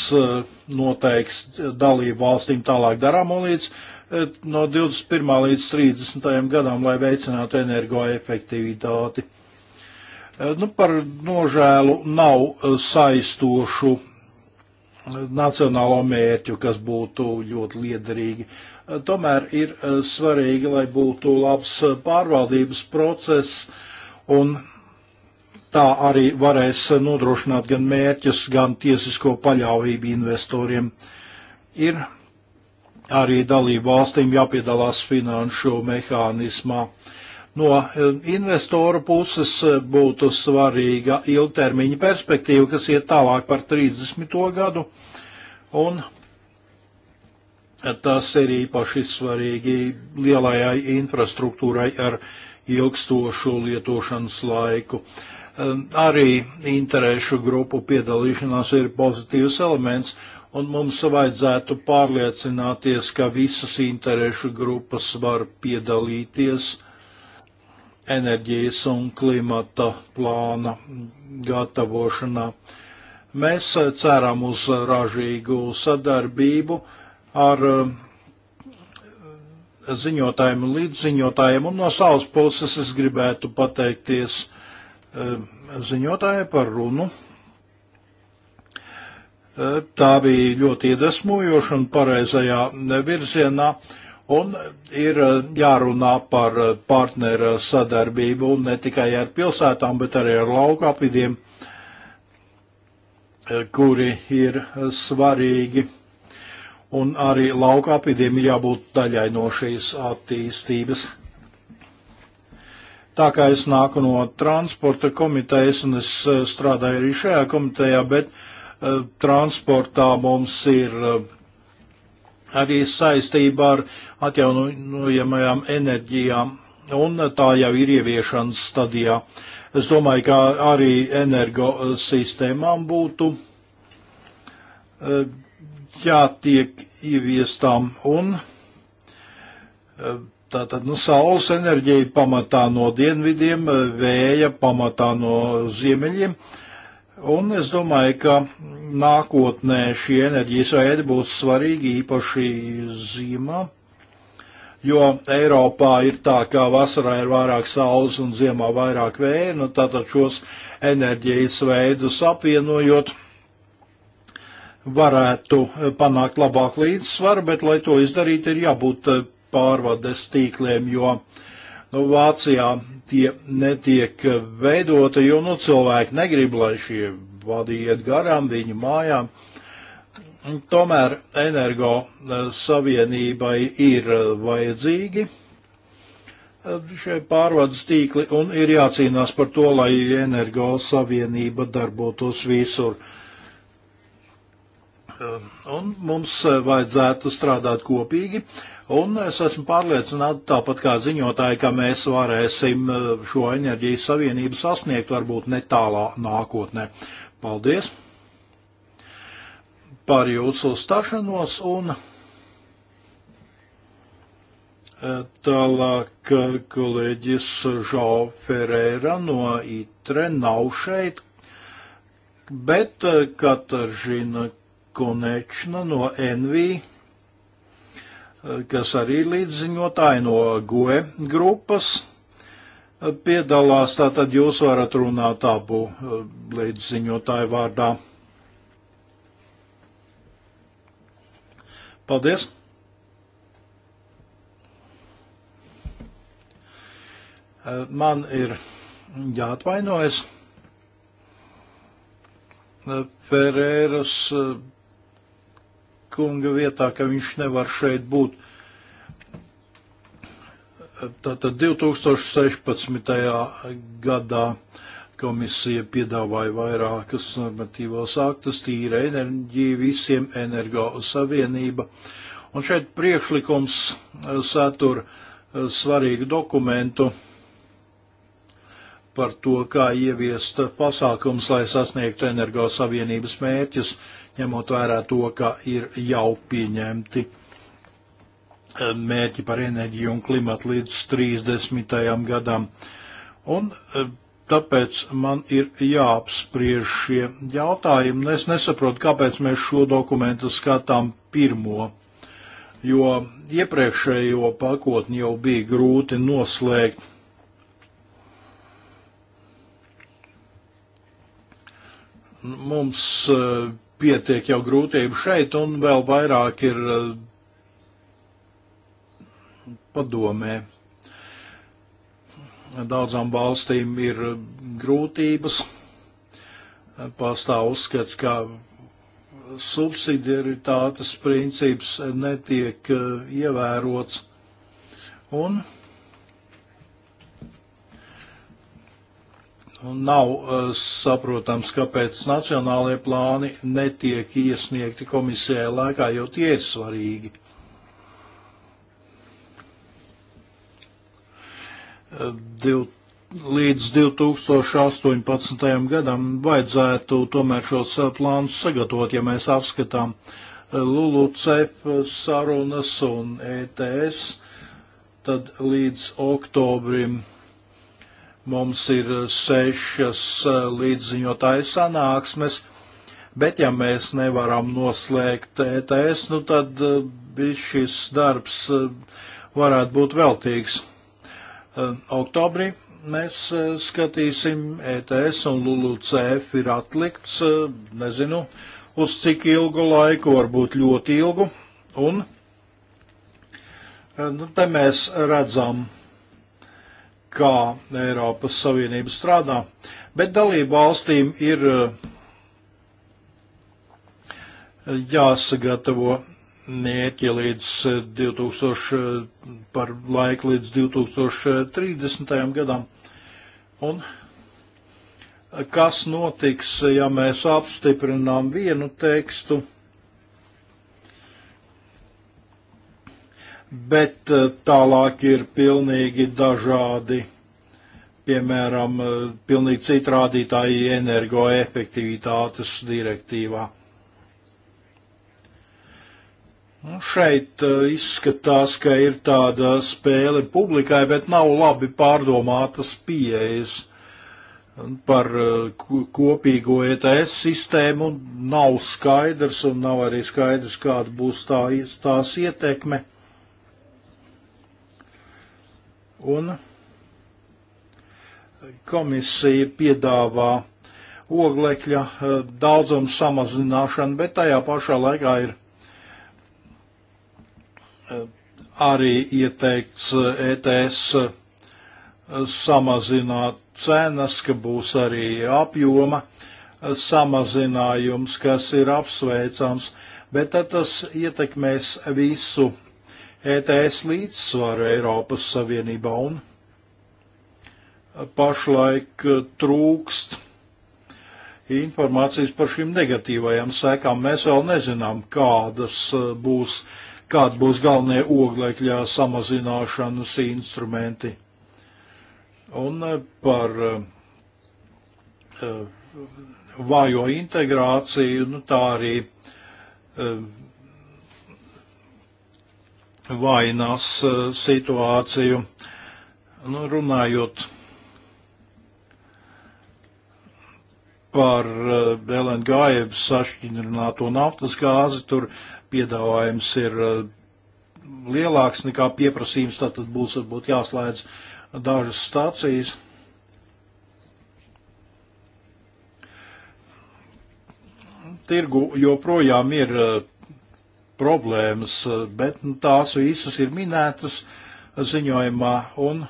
D: noteiks dalību valstīm tālāk darāmo līdz no 21. līdz 30. gadam, lai veicinātu energoefektivitāti. Nu, par nožēlu nav saistošu nacionālo mērķu, kas būtu ļoti liederīgi. Tomēr ir svarīgi, lai būtu labs pārvaldības process, un tā arī varēs nodrošināt gan mērķus, gan tiesisko paļāvību investoriem. Ir arī dalību valstīm jāpiedalās finanšu mehānismā. No eh, investoru puses eh, būtu svarīga ilgtermiņa perspektīva, kas iet tālāk par 30. gadu, un eh, tas ir īpaši svarīgi lielajai infrastruktūrai ar ilgstošu lietošanas laiku. Ehm, arī interešu grupu piedalīšanās ir pozitīvs elements, un mums vajadzētu pārliecināties, ka visas interešu grupas var piedalīties enerģijas un klimata plāna gatavošanā. Mēs ceram uz ražīgu sadarbību ar ehm, ziņotājiem un līdziņotājiem, un no savas puses es gribētu pateikties eh, ziņotājai par runu. Eh, tā bija ļoti iedvesmojoša un pareizajā eh, virzienā, un ir jārunā par partnera sadarbību un ne tikai ar pilsētām, bet arī ar lauku apvidiem, kuri ir svarīgi un arī lauka apvidiem jābūt daļai no šīs attīstības. Tā kā es nāku no transporta komitejas un es eh, strādāju arī šajā komitejā, bet uh, transportā mums ir uh, arī saistība ar atjaunojamajām enerģijām, un tā jau ir ieviešanas stadijā. Es domāju, ka arī energosistēmām būtu uh, jātiek ieviestām un e, tātad nu, saules enerģija pamatā no dienvidiem, e, vēja pamatā no ziemeļiem. Un es domāju, ka nākotnē šī enerģijas veidi būs svarīgi īpaši zīmā, jo Eiropā ir tā, ka vasarā ir vairāk saules un ziemā vairāk vēja, nu tātad šos enerģijas veidus apvienojot varētu eh, panākt labāku līdzsvaru, bet, lai to izdarītu, ir jābūt eh, pārvades tīkliem, jo nu, Vācijā tie netiek eh, veidoti, jo nu, cilvēki negrib, lai šie vadi iet garām viņu mājām. Tomēr energo savienībai ir vajadzīgi šie pārvades tīkli un ir jācīnās par to, lai energo savienība darbotos visur. Uh, Eh, un mums eh, vajadzētu strādāt kopīgi. Un es esmu pārliecināta, tāpat kā ziņotāji, ka mēs varēsim eh, šo enerģijas savienību sasniegt varbūt netālā nākotnē. Paldies par jūsu stašanos un tālāk kolēģis Žau Ferēra no Itre nav šeit, bet Kataržina Konečna no NV, eh, kas arī līdziņotāji no GOE grupas eh, piedalās, tātad jūs varat runāt abu eh, līdziņotāju vārdā. Paldies! Man ir jāatvainojas. Ferēras kunga vietā, ka viņš nevar šeit būt. Tātad 2016. gadā komisija piedāvāja vairākas normatīvos aktus, tīra enerģija, visiem energo savienība. Un šeit priekšlikums eh, satura eh, svarīgu dokumentu par to, kā ieviest pasākums, lai sasniegtu energosavienības mērķus, ņemot vērā to, ka ir jau pieņemti eh, mērķi par enerģiju un klimatu līdz 30. gadam. Un eh, tāpēc man ir jāapspriež šie jautājumi. Es nesaprotu, kāpēc mēs šo dokumentu skatām pirmo, jo iepriekšējo pakotni jau bija grūti noslēgt mums eh, pietiek jau grūtību šeit, un vēl vairāk ir eh, padomē. Daudzām valstīm ir grūtības. Pastāv uzskats, ka subsidiaritātes princips netiek eh, ievērots. Un nav eh, saprotams, kāpēc nacionālajie plāni netiek iesniegti komisijai laikā, jo tie ir svarīgi. Eh, div, līdz 2018. gadam vajadzētu tomēr šos eh, plānus sagatavot, ja mēs apskatām LULUCEP sarunas un ETS, tad līdz oktobrim Mums ir eh, sešas eh, līdziņotāja sanāksmes, bet ja mēs nevaram noslēgt ETS, nu tad eh, šis darbs varētu būt veltīgs. Oktobrī mēs skatīsim ETS un LULUCF ir atlikts, nezinu, uz cik ilgu laiku, varbūt ļoti ilgu. Un nu, te mēs redzam kā Eiropas Savienība strādā, bet dalību valstīm ir eh, jāsagatavo mērķi līdz 2000, eh, eh, par laiku līdz 2030. gadam. Un kas notiks, ja mēs apstiprinām vienu tekstu bet eh, tālāk ir pilnīgi dažādi, piemēram, eh, pilnīgi citi rādītāji energoefektivitātes direktīvā. Nu, šeit eh, izskatās, ka ir tāda spēle publikai, bet nav labi pārdomātas pieejas par kopīgo ETS sistēmu. Nav skaidrs un nav arī skaidrs, kāda būs tā, tās ietekme. Un komisija piedāvā oglekļa eh, daudzumu samazināšanu, bet tajā pašā laikā ir eh, arī ieteikts ETS eh, e samazināt cenas, ka būs arī apjoma samazinājums, kas ir apsveicams, bet tad tas ietekmēs visu ETS līdzsvaru Eiropas Savienībā un pašlaik eh, trūkst informācijas par šīm negatīvajām sekām. Mēs vēl nezinām, kādas eh, būs, kāds būs galvenie oglekļā samazināšanas instrumenti. Un eh, par vājo integrāciju, nu tā arī vainas e, situāciju. Nu, runājot par e, LNG jeb sašķidrināto naftas gāzi, tur piedāvājums ir e, lielāks nekā pieprasījums, tātad būs varbūt jāslēdz dažas stācijas. Tirgu joprojām ir problēmas, eh, bet nu, tās visas ir minētas ziņojumā, un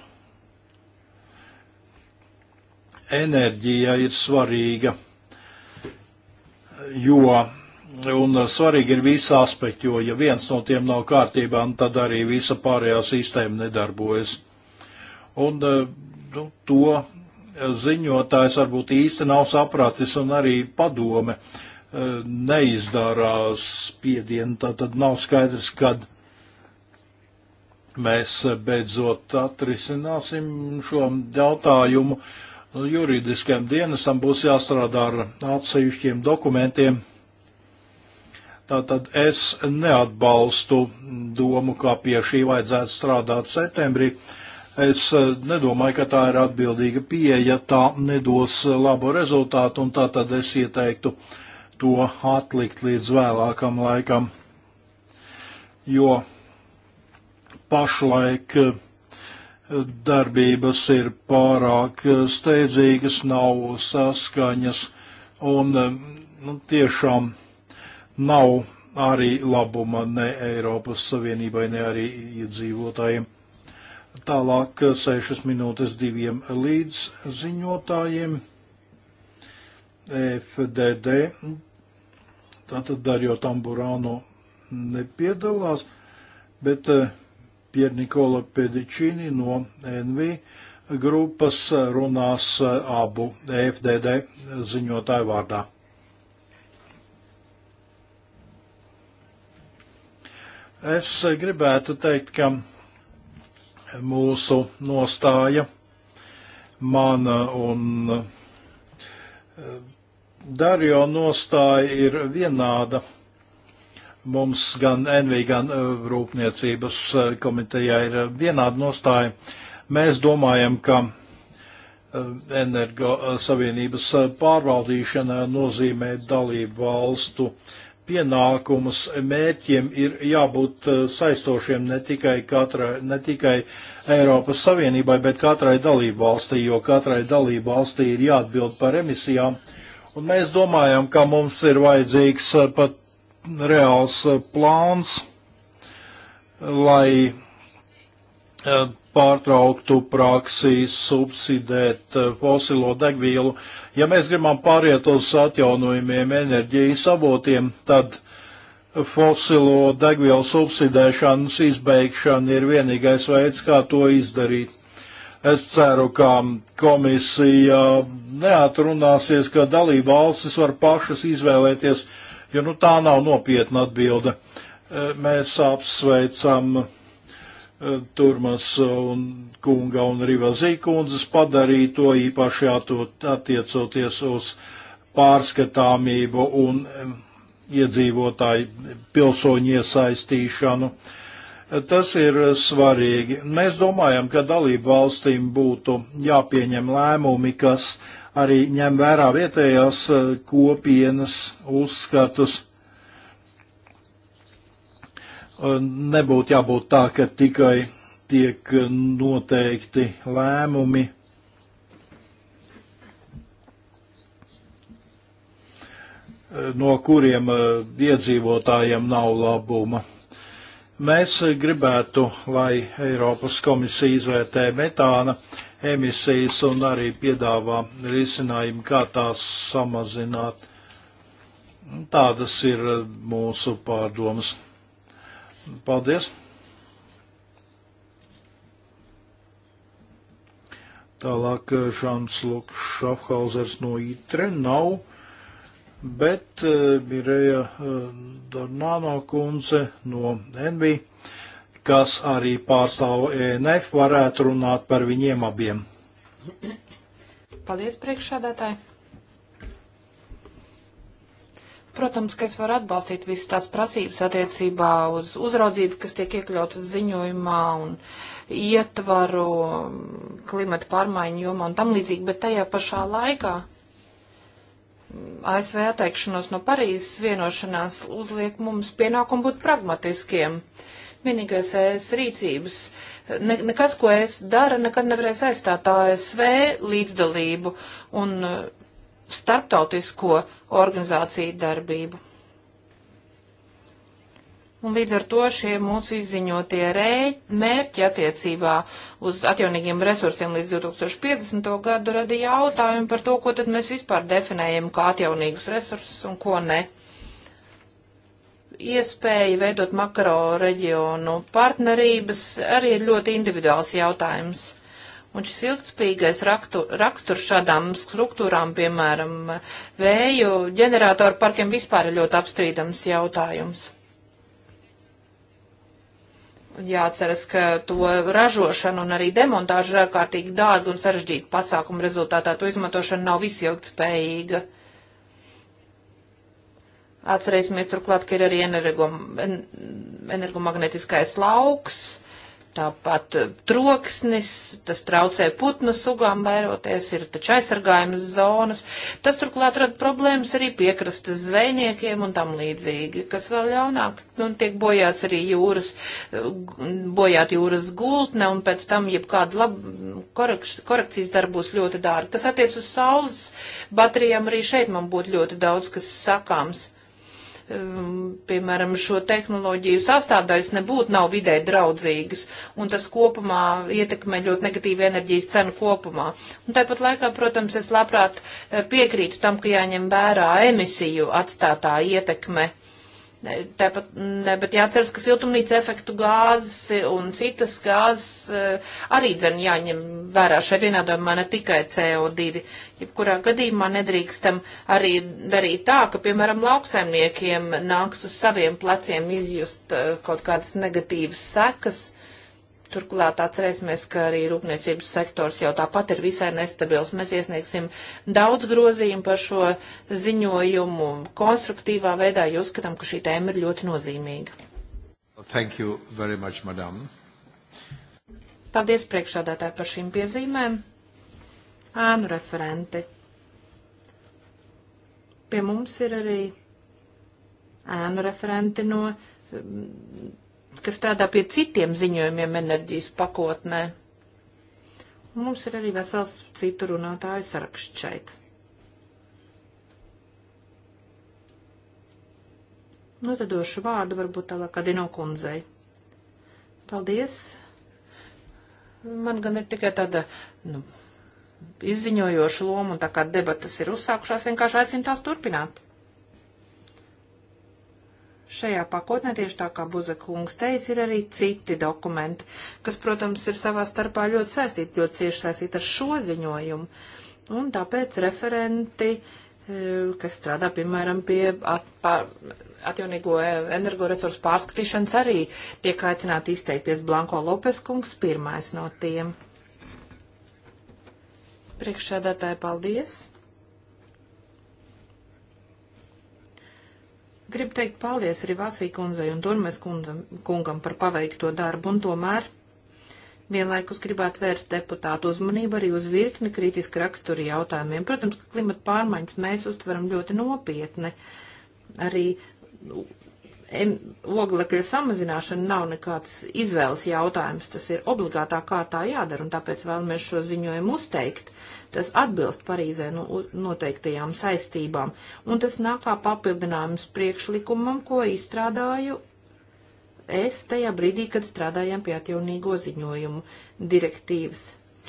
D: enerģija ir svarīga, jo, un svarīgi ir visi aspekti, jo, ja viens no tiem nav kārtībā, nu, tad arī visa pārējā sistēma nedarbojas. Un eh, nu, to ziņotājs varbūt īsti nav sapratis, un arī padome. Uh, neizdarās spiedienu, tad, tad nav skaidrs, kad mēs beidzot atrisināsim šo jautājumu. Juridiskajam dienestam būs jāstrādā ar atsevišķiem dokumentiem. Tātad es neatbalstu domu, kā pie šī vajadzētu strādāt septembrī. Es eh, nedomāju, ka tā ir atbildīga pieeja, tā nedos labu rezultātu, un tātad es ieteiktu uh, to atlikt līdz vēlākam laikam, jo pašlaik eh, darbības ir pārāk eh, steidzīgas, nav saskaņas un eh, nu, tiešām nav arī labuma ne Eiropas Savienībai, ne arī iedzīvotājiem. Tālāk sešas minūtes diviem līdz ziņotājiem. FDD Tātad Dario Tamburāno nepiedalās, bet eh, Pier Nikola Pedičīni no NV grupas runās eh, abu EFDD ziņotāju vārdā. Es gribētu teikt, ka mūsu nostāja mana un eh, Darjo nostāja ir vienāda. Mums gan NV, gan uh, Rūpniecības uh, komitejā ir uh, vienāda nostāja. Mēs domājam, ka energo savienības pārvaldīšana nozīmē dalību valstu pienākumus mērķiem ir jābūt saistošiem ne tikai, katrai, ne tikai Eiropas Savienībai, bet katrai dalību valstī, jo katrai dalību valstī ir jāatbild par emisijām. Uh, Un mēs domājam, ka mums ir vajadzīgs eh, pat reāls eh, plāns, lai eh, pārtrauktu praksī subsidēt fosilo degvielu. Ja mēs gribam pāriet uz atjaunojumiem enerģijas avotiem, tad fosilo degvielu subsidēšanas izbeigšana ir vienīgais veids, kā to izdarīt. Es ceru, ka komisija neatrunāsies, ka dalība valstis var pašas izvēlēties, jo nu, tā nav nopietna atbilde. E, mēs apsveicam e, Turmas un kunga un Rivazī kundzes padarīto īpaši attiecoties uz pārskatāmību un e, iedzīvotāju pilsoņu iesaistīšanu. Uh, Tas ir svarīgi. Mēs domājam, ka dalību valstīm būtu jāpieņem lēmumi, kas arī ņem vērā vietējās eh, kopienas uzskatus. Eh, nebūtu jābūt tā, ka tikai tiek noteikti lēmumi. Eh, no kuriem iedzīvotājiem nav labuma. Mēs gribētu, lai Eiropas komisija izvērtē metāna emisijas un arī piedāvā risinājumu, kā tās samazināt. Tādas ir mūsu pārdomas. Paldies! Tālāk eh, Žants Lukas Šafhauzers no Itre nav, bet eh, Mireja eh, Dornāno kundze no NV, kas arī pārstāv ENF, varētu runāt par viņiem abiem.
C: Paldies, priekšsādātāji! Protams, ka es varu atbalstīt visas tās prasības attiecībā uz uzraudzību, kas tiek iekļautas ziņojumā un ietvaru klimata pārmaiņu jomā un tam līdzīgi, bet tajā pašā laikā ASV atteikšanos no Parīzes vienošanās uzliek mums pienākumu būt pragmatiskiem. Vienīgais ES rīcības, ne, nekas, ko es dara, nekad nevarēs aizstāt ASV līdzdalību un uh, starptautisko organizāciju darbību. Un līdz ar to šie mūsu izziņotie rei, mērķi attiecībā uz atjaunīgiem resursiem līdz 2050. gadu radīja jautājumu par to, ko tad mēs vispār definējam kā atjaunīgus resursus un ko ne. Iespēja veidot makro reģionu partnerības arī ir ļoti individuāls jautājums. Un šis ilgspīgais raktu, raksturs šādām struktūrām, piemēram, vēju ģeneratoru parkiem vispār ir ļoti apstrīdams jautājums. Jāceras, ka to ražošanu un arī demontāžu ir ārkārtīgi dārga un sarežģīta pasākuma rezultātā. To izmantošana nav visilgtspējīga. Atcerēsimies turklāt, ka ir arī energo, en, energomagnetiskais lauks Tāpat eh, troksnis, tas traucē putnu sugām vairoties, ir taču aizsargājums zonas. Tas turklāt rada problēmas arī piekrastes zvejniekiem un tam līdzīgi, kas vēl ļaunāk. Un nu, tiek bojāts arī jūras, eh, bojāt jūras gultne un pēc tam jebkāda lab, korekš, korekcijas darbūs ļoti dārga. Kas attiec uz saules baterijām, arī šeit man būtu ļoti daudz, kas sakāms um, piemēram, šo tehnoloģiju sastāvdaļas nebūtu nav vidē draudzīgas, un tas kopumā ietekmē ļoti negatīvi enerģijas cenu kopumā. Un tāpat laikā, protams, es labprāt uh, piekrītu tam, ka jāņem vērā emisiju atstātā ietekme Tāpat, ne, bet jāatceras, ka siltumnīca efektu gāzes un citas gāzes eh, arī dzen jāņem vērā šai vienādojumā ne tikai CO2. Jebkurā gadījumā nedrīkstam arī darīt tā, ka, piemēram, lauksaimniekiem nāks uz saviem pleciem izjust eh, kaut kādas negatīvas sekas Turklāt atcerēsimies, ka arī rūpniecības sektors jau tāpat ir visai nestabils. Mēs iesniegsim daudz grozījumu par šo ziņojumu konstruktīvā veidā, jo uzskatām, ka šī tēma ir ļoti nozīmīga.
A: Thank you very much, madam.
C: Paldies priekšādātāji par šīm piezīmēm. Ānu referenti. Pie mums ir arī ēnu referenti no kas strādā pie citiem ziņojumiem enerģijas pakotnē. Un mums ir arī vesels citu runātāju saraksts šeit. Nu, tad došu vārdu varbūt tālāk Adino kundzei. Paldies. Man gan ir tikai tāda, nu, izziņojoša loma, un tā kā debatas ir uzsākušās, vienkārši aicinu tās turpināt. Šajā pakotnē, tieši tā kā Buzekungs teica, ir arī citi dokumenti, kas, protams, ir savā starpā ļoti saistīti, ļoti cieši saistīti ar šo ziņojumu. Un tāpēc referenti, e, kas strādā, piemēram, pie atpā, atjaunīgo energoresursu pārskatīšanas, arī tiek aicināti izteikties Blanko Lopeskungs, pirmais no tiem. Priekšsēdētāji, paldies! Gribu teikt paldies arī Vasī kundzei un Turmes kundzam, kungam par paveikto darbu, un tomēr vienlaikus gribētu vērst deputātu uzmanību arī uz virkni kritiski raksturi jautājumiem. Protams, ka klimata pārmaiņas mēs uztveram ļoti nopietni. Arī oglekļa samazināšana nav nekāds izvēles jautājums, tas ir obligātā kārtā jādara, un tāpēc vēlamies šo ziņojumu uzteikt. Tas atbilst Parīzē no, nu, noteiktajām saistībām, un tas nāk kā papildinājums priekšlikumam, ko izstrādāju es tajā brīdī, kad strādājām pie atjaunīgo ziņojumu direktīvas.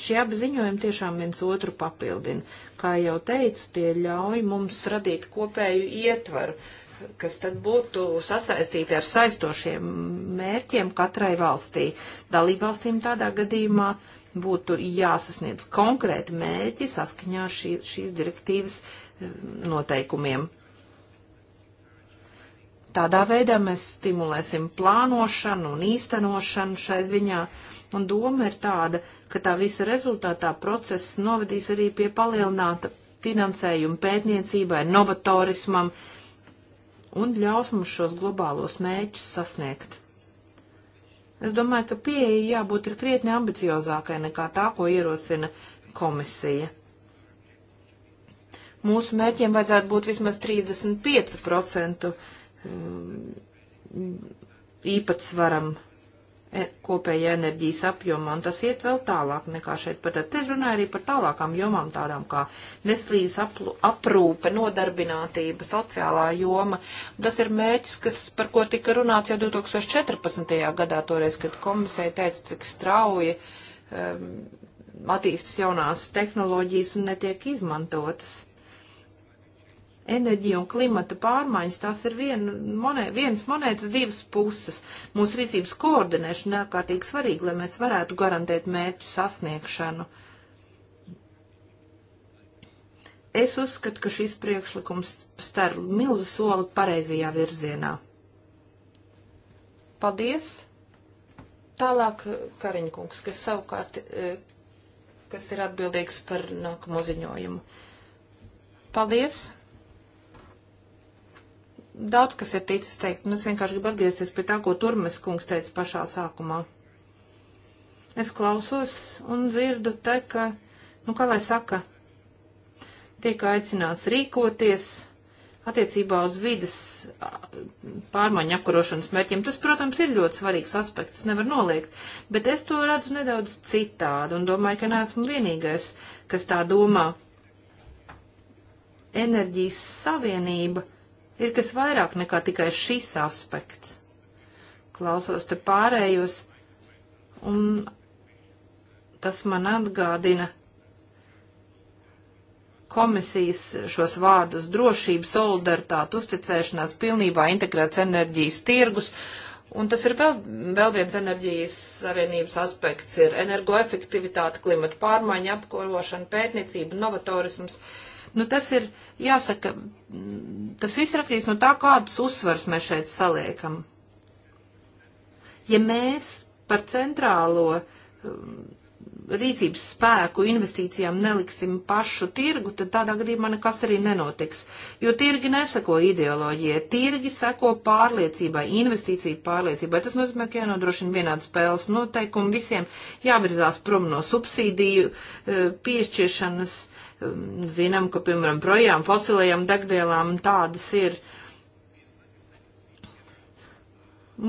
C: Šie abi ziņojumi tiešām viens otru papildina. Kā jau teicu, tie ļauj mums radīt kopēju ietvaru kas tad būtu sasaistīti ar saistošiem mērķiem katrai valstī. Dalībvalstīm tādā gadījumā būtu jāsasniedz konkrēti mērķi saskaņā ar šī, šīs direktīvas eh, noteikumiem. Tādā veidā mēs stimulēsim plānošanu un īstenošanu šai ziņā, un doma ir tāda, ka tā visa rezultātā process novedīs arī pie palielināta finansējuma pētniecībai, novatorismam, uh, un ļaus mums šos globālos mēķus sasniegt. Es domāju, ka pieeja jābūt ir krietni ambiciozākai nekā tā, ko ierosina komisija. Mūsu mērķiem vajadzētu būt vismaz 35% um, īpatsvaram E, kopējā enerģijas apjomā, un tas iet vēl tālāk nekā šeit. Pat te runāja arī par tālākām jomām, tādām kā veselības aprūpe, nodarbinātība, sociālā joma. Tas ir mērķis, kas, par ko tika runāts jau 2014. gadā, toreiz, kad komisija teica, cik strauji um, attīstas jaunās tehnoloģijas un netiek izmantotas enerģija un klimata pārmaiņas, tās ir vien monē, viens monētas divas puses. Mūsu rīcības koordinēšana ir ārkārtīgi svarīga, lai mēs varētu garantēt mērķu sasniegšanu. Es uzskatu, ka šis priekšlikums star milzu soli pareizajā virzienā. Paldies! Tālāk Kariņkungs, kas savukārt, e, kas ir atbildīgs par nākamo ziņojumu. Paldies! daudz kas ir ticis teikt, un es vienkārši gribu atgriezties pie tā, ko Turmes kungs teica pašā sākumā. Es klausos un dzirdu te, ka, nu kā lai saka, tiek aicināts rīkoties attiecībā uz vidas pārmaiņu apkarošanas mērķiem. Tas, protams, ir ļoti svarīgs aspekts, nevar noliegt, bet es to redzu nedaudz citādi un domāju, ka neesmu vienīgais, kas tā domā. Enerģijas savienība ir kas vairāk nekā tikai šis aspekts. Klausos te pārējos, un tas man atgādina komisijas šos vārdus - drošība, solidaritāte, uzticēšanās, pilnībā integrēts enerģijas tirgus. Un tas ir vēl, vēl viens enerģijas savienības aspekts - ir energoefektivitāte, klimata pārmaiņa, apkorošana, pētniecība, novatorisms. Uh, Nu, tas ir, jāsaka, tas viss ir atkarīgs no tā, kādus uzsvars mēs šeit saliekam. Ja mēs par centrālo um, rīcības spēku investīcijām neliksim pašu tirgu, tad tādā gadījumā nekas arī nenotiks. Jo tirgi neseko ideoloģijai, tirgi seko pārliecībai, investīciju pārliecībai. Tas nozīmē, ka jānodrošina vienādas spēles noteikumi visiem, jāvirzās prom no subsīdiju uh, piešķiršanas Um, zinām, ka, piemēram, projām fosilajām degvielām tādas ir.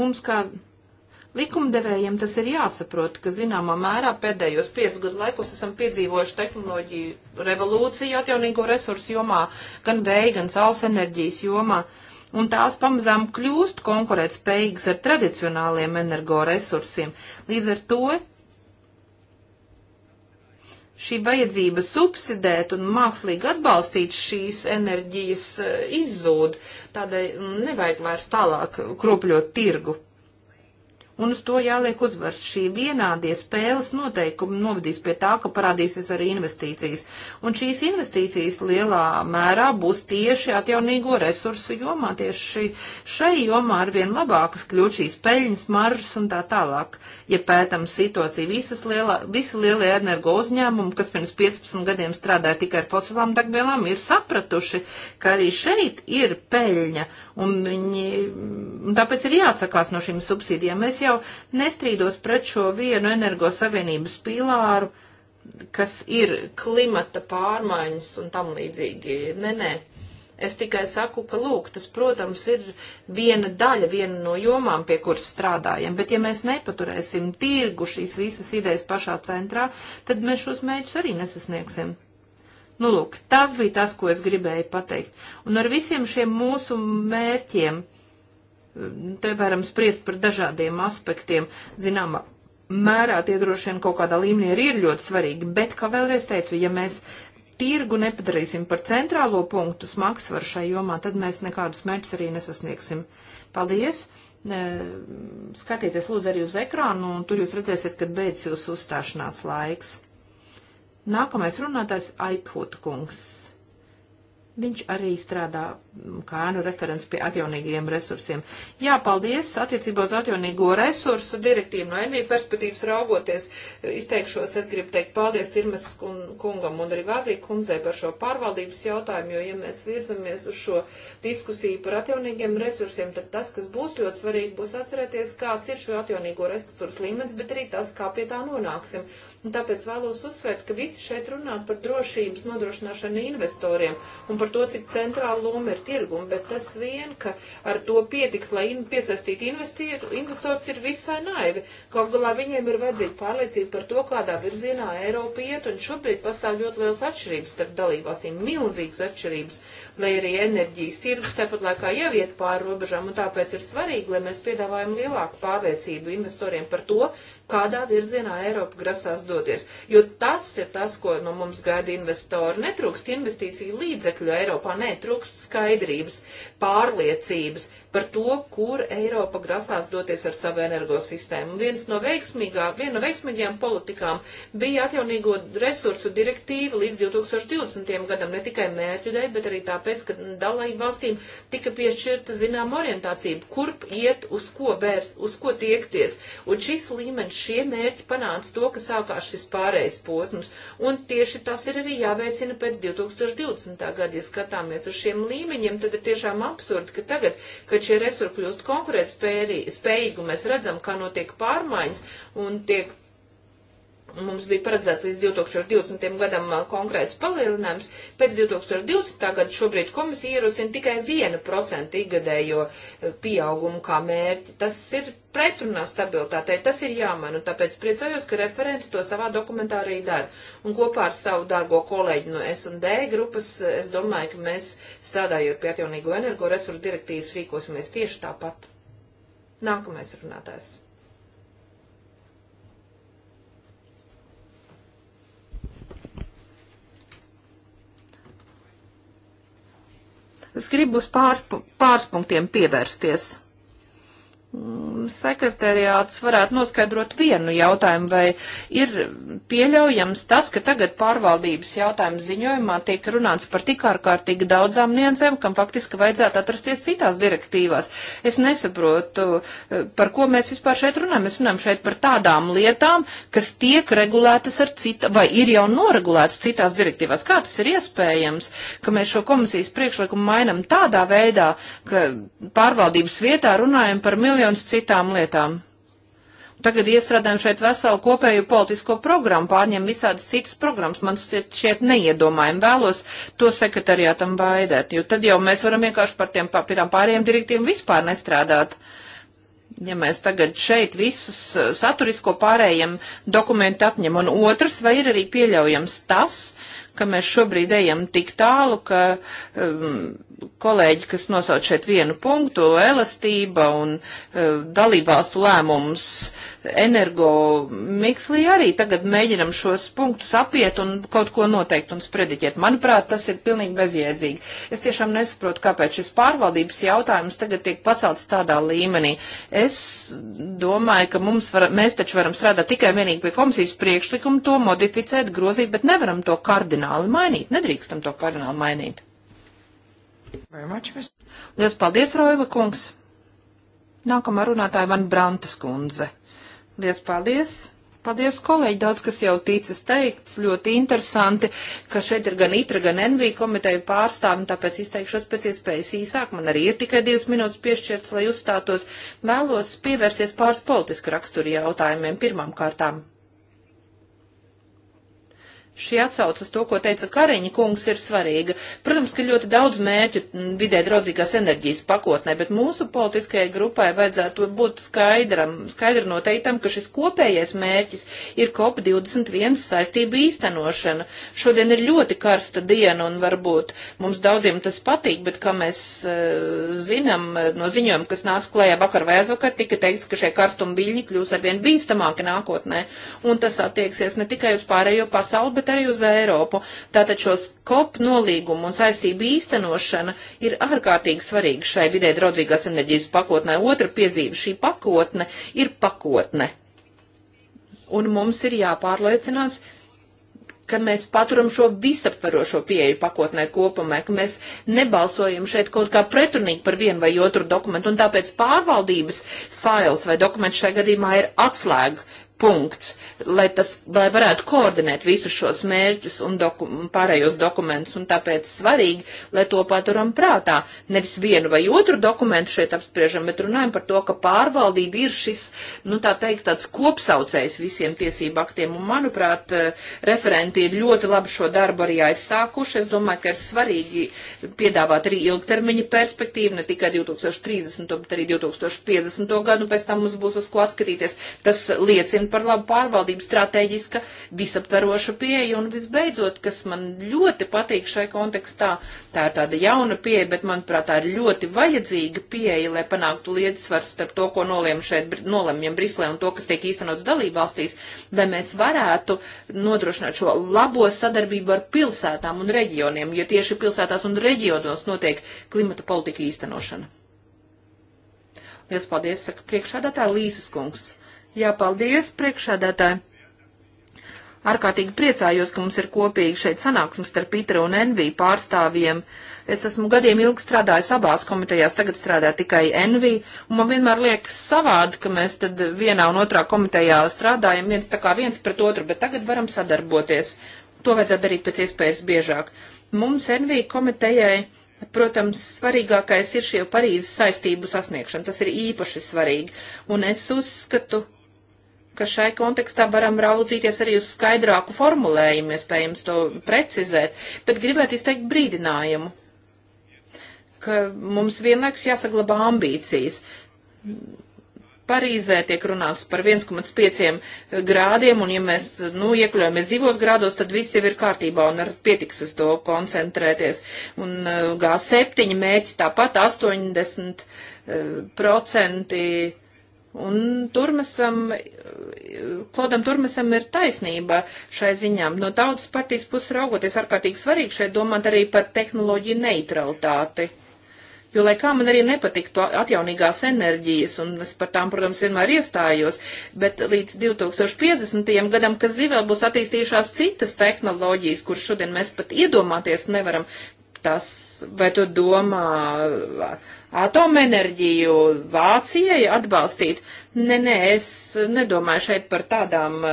C: Mums kā likumdevējiem tas ir jāsaprot, ka zināmā mērā pēdējos piecu gadu laikos esam piedzīvojuši tehnoloģiju revolūciju atjaunīgo resursu jomā, gan vēja, gan saules enerģijas jomā un tās pamazām kļūst konkurētspējīgas ar tradicionāliem energoresursiem. Līdz ar to šī vajadzība subsidēt un mākslīgi atbalstīt šīs enerģijas eh, izzūd, tādēļ mm, nevajag vairs tālāk kropļot tirgu un uz to jāliek uzvars. Šī vienādie spēles noteikumi novadīs pie tā, ka parādīsies arī investīcijas. Un šīs investīcijas lielā mērā būs tieši atjaunīgo resursu jomā. Tieši šai jomā arvien labākas kļūt šīs peļņas, maržas un tā tālāk. Ja pētam situāciju, visas lielā, visi lielie energo uzņēmumi, kas pirms 15 gadiem strādāja tikai ar fosilām degvielām, ir sapratuši, ka arī šeit ir peļņa, un viņi, un tāpēc ir jāatsakās no šīm subsīdijām. Mēs jau nestrīdos pret šo vienu energosavienības pīlāru, kas ir klimata pārmaiņas un tam līdzīgi. Nē, nē. Es tikai saku, ka, lūk, tas, protams, ir viena daļa, viena no jomām, pie kuras strādājam, bet ja mēs nepaturēsim tirgu šīs visas idejas pašā centrā, tad mēs šos mērķus arī nesasniegsim. Nu, lūk, tas bija tas, ko es gribēju pateikt. Un ar visiem šiem mūsu mērķiem Nu, te varam spriest par dažādiem aspektiem. Zinām, mērā tie droši vien kaut kādā līmenī arī ir ļoti svarīgi, bet, kā vēlreiz teicu, ja mēs tirgu nepadarīsim par centrālo punktu smagsvaru šai jomā, tad mēs nekādus mērķus arī nesasniegsim. Paldies! Skatieties lūdzu arī uz ekrānu, un tur jūs redzēsiet, kad beidz jūsu uzstāšanās laiks. Nākamais runātājs Aikvuta kungs. Viņš arī strādā kā ēnu referents pie atjaunīgiem resursiem. Jā, paldies! Attiecībā uz atjaunīgo resursu direktīvu no NV perspektīvas raugoties, izteikšos, es gribu teikt paldies Irmas kungam un arī Vāzija kundzei par šo pārvaldības jautājumu, jo, ja mēs virzamies uz šo diskusiju par atjaunīgiem resursiem, tad tas, kas būs ļoti svarīgi, būs atcerēties, kāds ir šo atjaunīgo resursu līmenis, bet arī tas, kā pie tā nonāksim Un tāpēc vēlos uzsvērt, ka visi šeit runā par drošības nodrošināšanu investoriem un par to, cik centrāla loma ir tirguma, bet tas vien, ka ar to pietiks, lai in piesaistītu investors, ir visai naivi. Kaut galā viņiem ir vajadzīga pārliecība par to, kādā virzienā Eiropa iet, un šobrīd pastāv ļoti liels atšķirības starp dalībvalstīm, milzīgas atšķirības, lai arī enerģijas tirgus tāpat laikā jau iet pāri robežām, un tāpēc ir svarīgi, lai mēs piedāvājam lielāku pārliecību investoriem par to, kādā virzienā Eiropa grasās doties. Jo tas ir tas, ko no mums gaida investori. Netrūkst investīciju līdzekļu Eiropā, netrūkst skaidrības, pārliecības, par to, kur Eiropa grasās doties ar savu energosistēmu. Viens no veiksmīgā, viena no veiksmīgajām politikām bija atjaunīgo resursu direktīva līdz 2020. gadam, ne tikai mērķu dēļ, bet arī tāpēc, ka dalību valstīm tika piešķirta zinām orientācija, kurp iet, uz ko vērs, uz ko tiekties. Un šis līmenis, šie mērķi panāca to, ka sākās šis pārējais posms. Un tieši tas ir arī jāveicina pēc 2020. gada. Ja skatāmies uz šiem līmeņiem, tad ir tiešām absurdi, ka tagad, kad kad šie resursi kļūst konkurētspējīgi, mēs redzam, kā notiek pārmaiņas un tiek mums bija paredzēts līdz 2020. gadam uh, konkrēts palielinājums. Pēc 2020. gada šobrīd komisija ierosina tikai 1% ikgadējo uh, pieaugumu kā mērķi. Tas ir pretrunā stabilitātei, tas ir jāmaina, un tāpēc priecājos, ka referenti to savā dokumentā arī dara. Un kopā ar savu dārgo kolēģi no S&D grupas, uh, es domāju, ka mēs strādājot pie atjaunīgo energoresursu direktīvas rīkosimies tieši tāpat. Nākamais runātājs. Es gribu uz pār, pāris punktiem pievērsties. Mm, sekretariāts varētu noskaidrot vienu jautājumu, vai ir pieļaujams tas, ka tagad pārvaldības jautājuma ziņojumā tiek runāts par tik ārkārtīgi daudzām niansēm, kam faktiski vajadzētu atrasties citās direktīvās. Es nesaprotu, eh, par ko mēs vispār šeit runājam. Mēs runājam šeit par tādām lietām, kas tiek regulētas ar cita, vai ir jau noregulētas citās direktīvās. Kā tas ir iespējams, ka mēs šo komisijas priekšlikumu mainam tādā veidā, ka pārvaldības vietā runājam par miljonu miljonus citām lietām. Tagad iestrādājam šeit veselu kopēju politisko programmu, pārņem visādas citas programmas. Man šķiet neiedomājami vēlos to sekretariātam vaidēt, jo tad jau mēs varam vienkārši par tiem papīrām pārējiem direktīviem vispār nestrādāt. Ja mēs tagad šeit visus uh, saturisko pārējiem dokumentu apņem, un otrs, vai ir arī pieļaujams tas, ka mēs šobrīd ejam tik tālu, ka um, kolēģi, kas nosauc šeit vienu punktu, elastība un uh, dalībvalstu lēmums energo mikslī arī tagad mēģinam šos punktus apiet un kaut ko noteikt un sprediķēt. Manuprāt, tas ir pilnīgi bezjēdzīgi. Es tiešām nesaprotu, kāpēc šis pārvaldības jautājums tagad tiek pacelts tādā līmenī. Es domāju, ka mums var, mēs taču varam strādāt tikai vienīgi pie komisijas priekšlikuma, to modificēt, grozīt, bet nevaram to kardināli mainīt. Nedrīkstam to kardināli mainīt.
D: Lielas
C: paldies, Roila kungs! Nākamā runātāja Van Brantas kundze. Lielas paldies! Paldies, kolēģi, daudz kas jau ticis teikts, ļoti interesanti, ka šeit ir gan ITRA, gan NV komiteja pārstāvji, tāpēc izteikšos pēc iespējas īsāk. Man arī ir tikai divas minūtes piešķirts, lai uzstātos. Vēlos pievērsties pāris politiski raksturi jautājumiem pirmām kārtām šī atsauca uz to, ko teica Kariņa kungs, ir svarīga. Protams, ka ļoti daudz mērķu vidē draudzīgās enerģijas pakotnē, bet mūsu politiskajai grupai vajadzētu būt skaidram, skaidri noteiktam, ka šis kopējais mērķis ir COP21 saistību īstenošana. Šodien ir ļoti karsta diena un varbūt mums daudziem tas patīk, bet kā mēs uh, zinām e, no ziņojuma, kas nāks klējā vakar vai aizvakar, tika teikts, ka šie karstumi viļņi kļūs arvien bīstamāki nākotnē. Un tas attieksies ne tikai uz pārējo pasauli, bet bet arī uz Eiropu. Tātad šos kop nolīgumu un saistību īstenošana ir ārkārtīgi svarīga šai vidē draudzīgās enerģijas pakotnē. Otra piezīme šī pakotne ir pakotne. Un mums ir jāpārliecinās, ka mēs paturam šo visaptverošo pieeju pakotnē kopumā, ka mēs nebalsojam šeit kaut kā pretrunīgi par vienu vai otru dokumentu, un tāpēc pārvaldības fails vai dokuments šajā gadījumā ir atslēga punkts, lai, tas, lai varētu koordinēt visus šos mērķus un doku, pārējos dokumentus, un tāpēc svarīgi, lai to paturam prātā. Nevis vienu vai otru dokumentu šeit apspriežam, bet runājam par to, ka pārvaldība ir šis, nu tā teikt, tāds kopsaucējs visiem tiesību aktiem, un manuprāt, eh, referenti ir ļoti labi šo darbu arī aizsākuši. Es domāju, ka ir svarīgi piedāvāt arī ilgtermiņa perspektīvu, ne tikai 2030, bet arī 2050 gadu, pēc tam mums būs uz ko atskatīties. Tas liecina centieni par labu pārvaldību, strateģiska, visaptveroša pieeja un visbeidzot, kas man ļoti patīk šai kontekstā, tā ir tāda jauna pieeja, bet manuprāt tā ir ļoti vajadzīga pieeja, lai panāktu līdzsvaru starp to, ko nolēm šeit, nolēmjam Brislē un to, kas tiek īstenots dalībvalstīs, lai mēs varētu nodrošināt šo labo sadarbību ar pilsētām un reģioniem, jo tieši pilsētās un reģionos notiek klimata politika īstenošana. Liels paldies, saka priekšādātā Līsas kungs. Jā, paldies, priekšādātāji. Ārkārtīgi priecājos, ka mums ir kopīgi šeit sanāksmes starp Pitra un Envī pārstāvjiem. Es esmu gadiem ilgi strādājis abās komitejās, tagad strādā tikai Envī, un man vienmēr liekas savādi, ka mēs tad vienā un otrā komitejā strādājam viens tā kā viens pret otru, bet tagad varam sadarboties. To vajadzētu darīt pēc iespējas biežāk. Mums Envī komitejai. Protams, svarīgākais ir šie Parīzes saistību sasniegšana. Tas ir īpaši svarīgi. Un es uzskatu, ka šai kontekstā varam raudzīties arī uz skaidrāku formulējumu, iespējams to precizēt, bet gribētu izteikt brīdinājumu, ka mums vienlaiks jāsaglabā ambīcijas. Parīzē tiek runāts par 1,5 grādiem, un ja mēs, nu, iekļaujamies divos grādos, tad viss jau ir kārtībā un ar pietiks uz to koncentrēties. Un uh, G7 mērķi tāpat 80 uh, procenti Un Turmesam, Klodam Turmesam ir taisnība šai ziņām. No tautas partijas puses raugoties ārkārtīgi svarīgi šeit domāt arī par tehnoloģiju neutralitāti. Jo, lai kā man arī nepatiktu atjaunīgās enerģijas, un es par tām, protams, vienmēr iestājos, bet līdz 2050. gadam, kas zivēl būs attīstījušās citas tehnoloģijas, kuras šodien mēs pat iedomāties nevaram, tas, vai to domā atomenerģiju Vācijai atbalstīt. Nē, nē, es nedomāju šeit par tādām uh,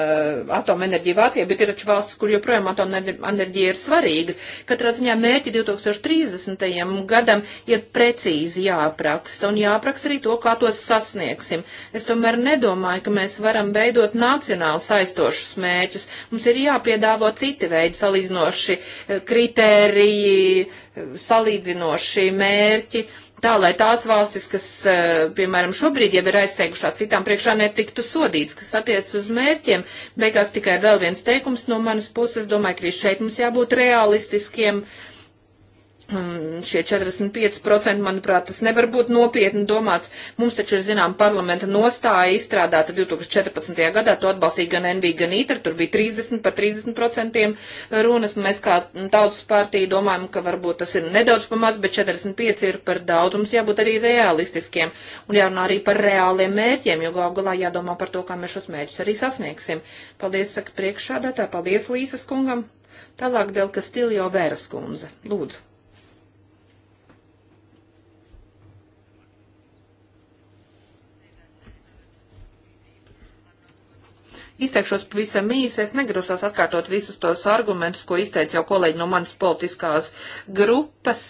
C: atomenerģiju Vācijai, bet ir taču valsts, kur joprojām atomenerģija ir svarīga. Katrā ziņā mērķi 2030. gadam ir precīzi jāapraksta un jāapraksta arī to, kā tos sasniegsim. Es tomēr nedomāju, ka mēs varam veidot nacionāli saistošus mērķus. Mums ir jāpiedāvo citi veidi salīdzinoši eh, kritēriji, eh, salīdzinoši mērķi tā, lai tās valstis, kas, eh, piemēram, šobrīd jau ir aizteikušās citām priekšā, netiktu sodīts, kas attiec uz mērķiem. Beigās tikai vēl viens teikums no manas puses. Domāju, ka arī šeit mums jābūt realistiskiem. Uh, Mm, šie 45%, manuprāt, tas nevar būt nopietni domāts. Mums taču ir, zinām, parlamenta nostāja izstrādāta 2014. gadā, to atbalstīja gan NV, gan ITR, tur bija 30 par 30% runas. Mēs kā tautas partija domājam, ka varbūt tas ir nedaudz pamats, bet 45 ir par daudz. Mums jābūt arī realistiskiem un jārunā arī par reāliem mērķiem, jo gal galā jādomā par to, kā mēs šos mērķus arī sasniegsim. Paldies, saka priekšādātā, paldies Līsas kungam. Tālāk Delka Stiljo Vēras kundze. Lūdzu. Izteikšos pavisam īsi, es negrasos atkārtot visus tos argumentus, ko izteica jau kolēģi no manas politiskās grupas.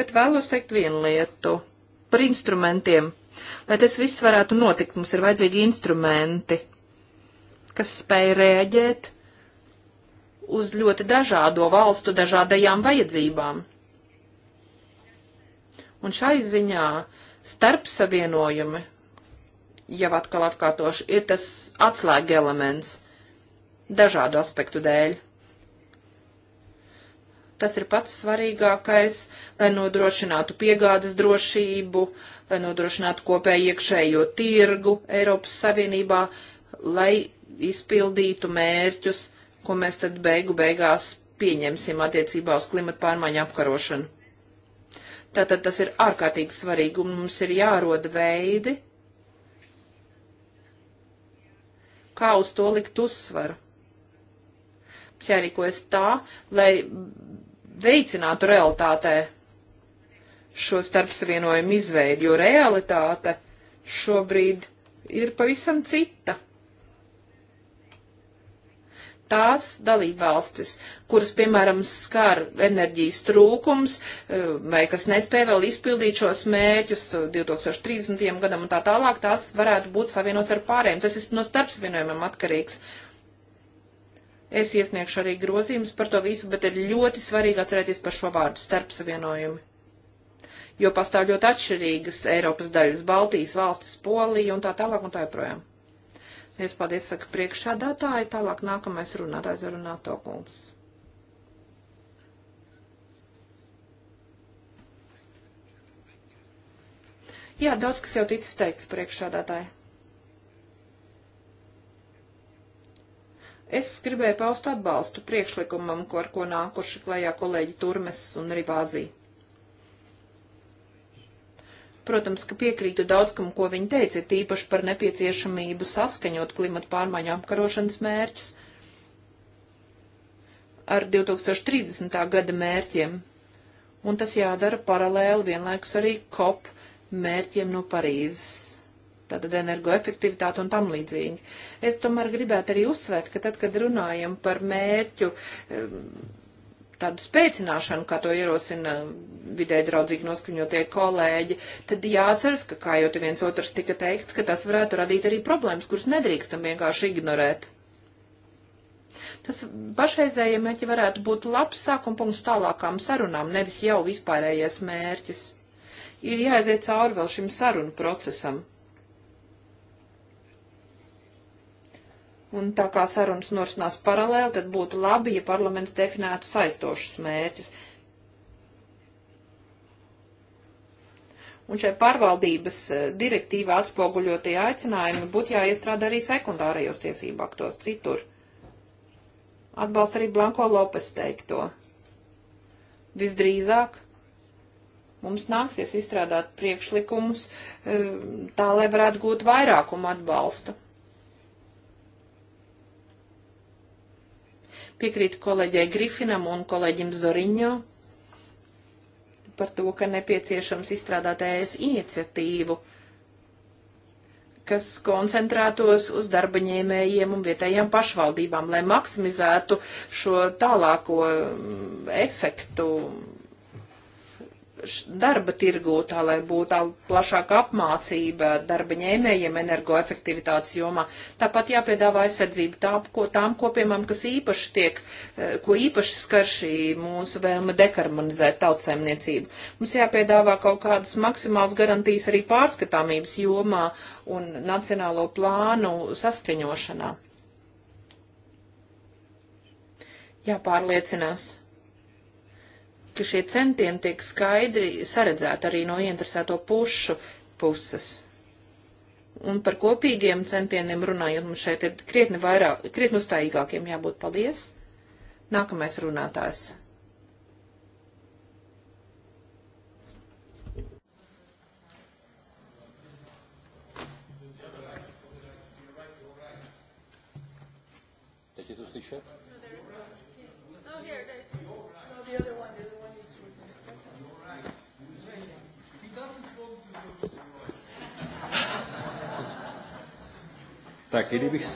C: Bet vēlos teikt vienu lietu par instrumentiem. Lai tas viss varētu notikt, mums ir vajadzīgi instrumenti, kas spēj rēģēt uz ļoti dažādo valstu dažādajām vajadzībām. Un šai ziņā uh, starpsavienojumi, jau atkal atkārtoši, ir tas atslēga elements dažādu aspektu dēļ. Tas ir pats svarīgākais, lai nodrošinātu piegādes drošību, lai nodrošinātu kopēju iekšējo tirgu Eiropas Savienībā, lai izpildītu mērķus, ko mēs tad beigu beigās pieņemsim attiecībā uz klimatu pārmaiņu apkarošanu. Tātad tas ir ārkārtīgi svarīgi, un mums ir jāroda veidi, kā uz to likt uzsvaru. Mums jārīkojas tā, lai veicinātu realitātē šo starpsavienojumu izveidi, jo realitāte šobrīd ir pavisam cita tās dalībvalstis, kuras, piemēram, skar enerģijas trūkums eh, vai kas nespēja vēl izpildīt šos mērķus 2030. Eh, gadam un tā tālāk, tās varētu būt savienots ar pārējiem. Tas ir no starpsavienojumiem atkarīgs. Es iesniegšu arī grozījumus par to visu, bet ir ļoti svarīgi atcerēties par šo vārdu starpsavienojumi. Jo pastāv ļoti atšķirīgas Eiropas daļas, Baltijas valstis, Polija un tā tālāk un tā joprojām. Tā Lies paldies, saka priekšādātāji. Tālāk nākamais runātājs ir runāto kungs. Jā, daudz kas jau ticis teikts priekšādātāji. Es gribēju paust atbalstu priekšlikumam, ko ar ko nākuši klajā kolēģi Turmes un Ribāzī. Protams, ka piekrītu daudz kam, ko viņi teica, ir tīpaši par nepieciešamību saskaņot klimatu pārmaiņu apkarošanas mērķus ar 2030. gada mērķiem. Un tas jādara paralēli vienlaikus arī COP mērķiem no Parīzes. Tātad energoefektivitāte un tam līdzīgi. Es tomēr gribētu arī uzsvērt, ka tad, kad runājam par mērķu tādu spēcināšanu, kā to ierosina vidē draudzīgi noskaņotie kolēģi, tad jāatceras, ka, kā jau te viens otrs tika teikts, ka tas varētu radīt arī problēmas, kuras nedrīkstam vienkārši ignorēt. Tas pašreizējie mērķi varētu būt labs sākuma punkts tālākām sarunām, nevis jau vispārējais mērķis. Ir jāaiziet cauri vēl šim sarunu procesam. Un tā kā sarunas norisinās paralēli, tad būtu labi, ja parlaments definētu saistošus mērķus. Un šai pārvaldības eh, direktīvā atspoguļotie aicinājumi būtu jāiestrādā arī sekundārajos tiesību aktos citur. Atbalsta arī Blanko Lopes teikto. Visdrīzāk mums nāksies izstrādāt priekšlikumus eh, tā, lai varētu gūt vairākumu atbalstu. Piekrītu kolēģei Grifinam un kolēģim Zoriņo par to, ka nepieciešams izstrādāt ES iniciatīvu, kas koncentrētos uz darbaņēmējiem un vietējām pašvaldībām, lai maksimizētu šo tālāko mm, efektu darba tirgū, tā lai būtu tā plašāka apmācība darba ņēmējiem energoefektivitātes jomā. Tāpat jāpiedāvā aizsardzība tā, ko, tām kopiemām, kas īpaši tiek, eh, ko īpaši skar šī mūsu vēlme dekarmonizēt tautsēmniecību. Mums jāpiedāvā kaut kādas maksimāls garantijas arī pārskatāmības jomā un nacionālo plānu saskaņošanā. Jāpārliecinās ka šie centieni tiek skaidri saredzēti arī no interesēto pušu puses. Un par kopīgiem centieniem runājot, mums šeit ir krietni vairāk, krietni uzstājīgākiem jābūt. Paldies! Nākamais runātājs.
A: Tak, kdybych...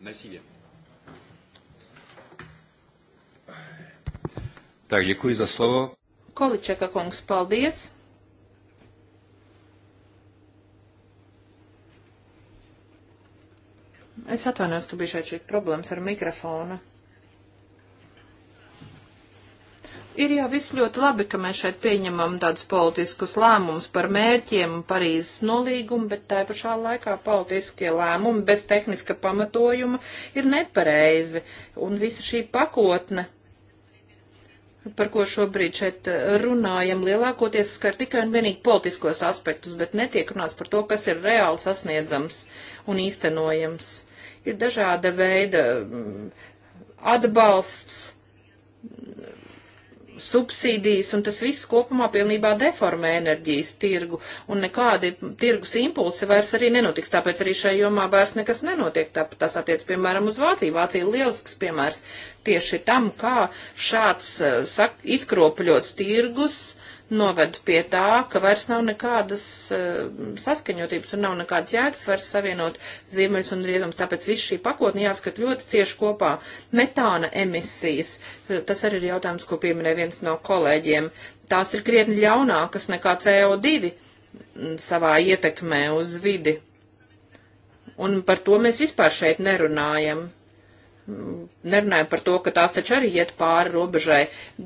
A: Mesíje. Tak, děkuji za slovo.
C: Količeka kungs, paldies. Es atvainojos, ka bija šeit šī problēmas ar mikrofonu. Ir jau viss ļoti labi, ka mēs šeit pieņemam tādus politiskus lēmumus par mērķiem un Parīzes nolīgumu, bet tā pašā laikā politiskie lēmumi bez tehniska pamatojuma ir nepareizi. Un visa šī pakotne, par ko šobrīd šeit eh, runājam, lielākoties skar tikai un vienīgi politiskos aspektus, bet netiek runāts par to, kas ir reāli sasniedzams un īstenojams. Ir dažāda veida mm, atbalsts subsīdijas, un tas viss kopumā pilnībā deformē enerģijas tirgu, un nekādi tirgus impulsi vairs arī nenotiks, tāpēc arī šajā jomā vairs nekas nenotiek. Tā, tas attiec, piemēram, uz Vāciju. Vācija ir lielisks piemērs tieši tam, kā šāds eh, sak, izkropļots tirgus uh, novedu pie tā, ka vairs nav nekādas uh, saskaņotības un nav nekādas jēgas vairs savienot ziemeļus un rietumus. Tāpēc viss šī pakotne jāskat ļoti cieši kopā. Metāna emisijas, eh, tas arī ir jautājums, ko pieminēja viens no kolēģiem. Tās ir krietni ļaunākas nekā CO2 savā ietekmē uz vidi. Un par to mēs vispār šeit nerunājam nerunājam par to, ka tās taču arī iet pāri robežai.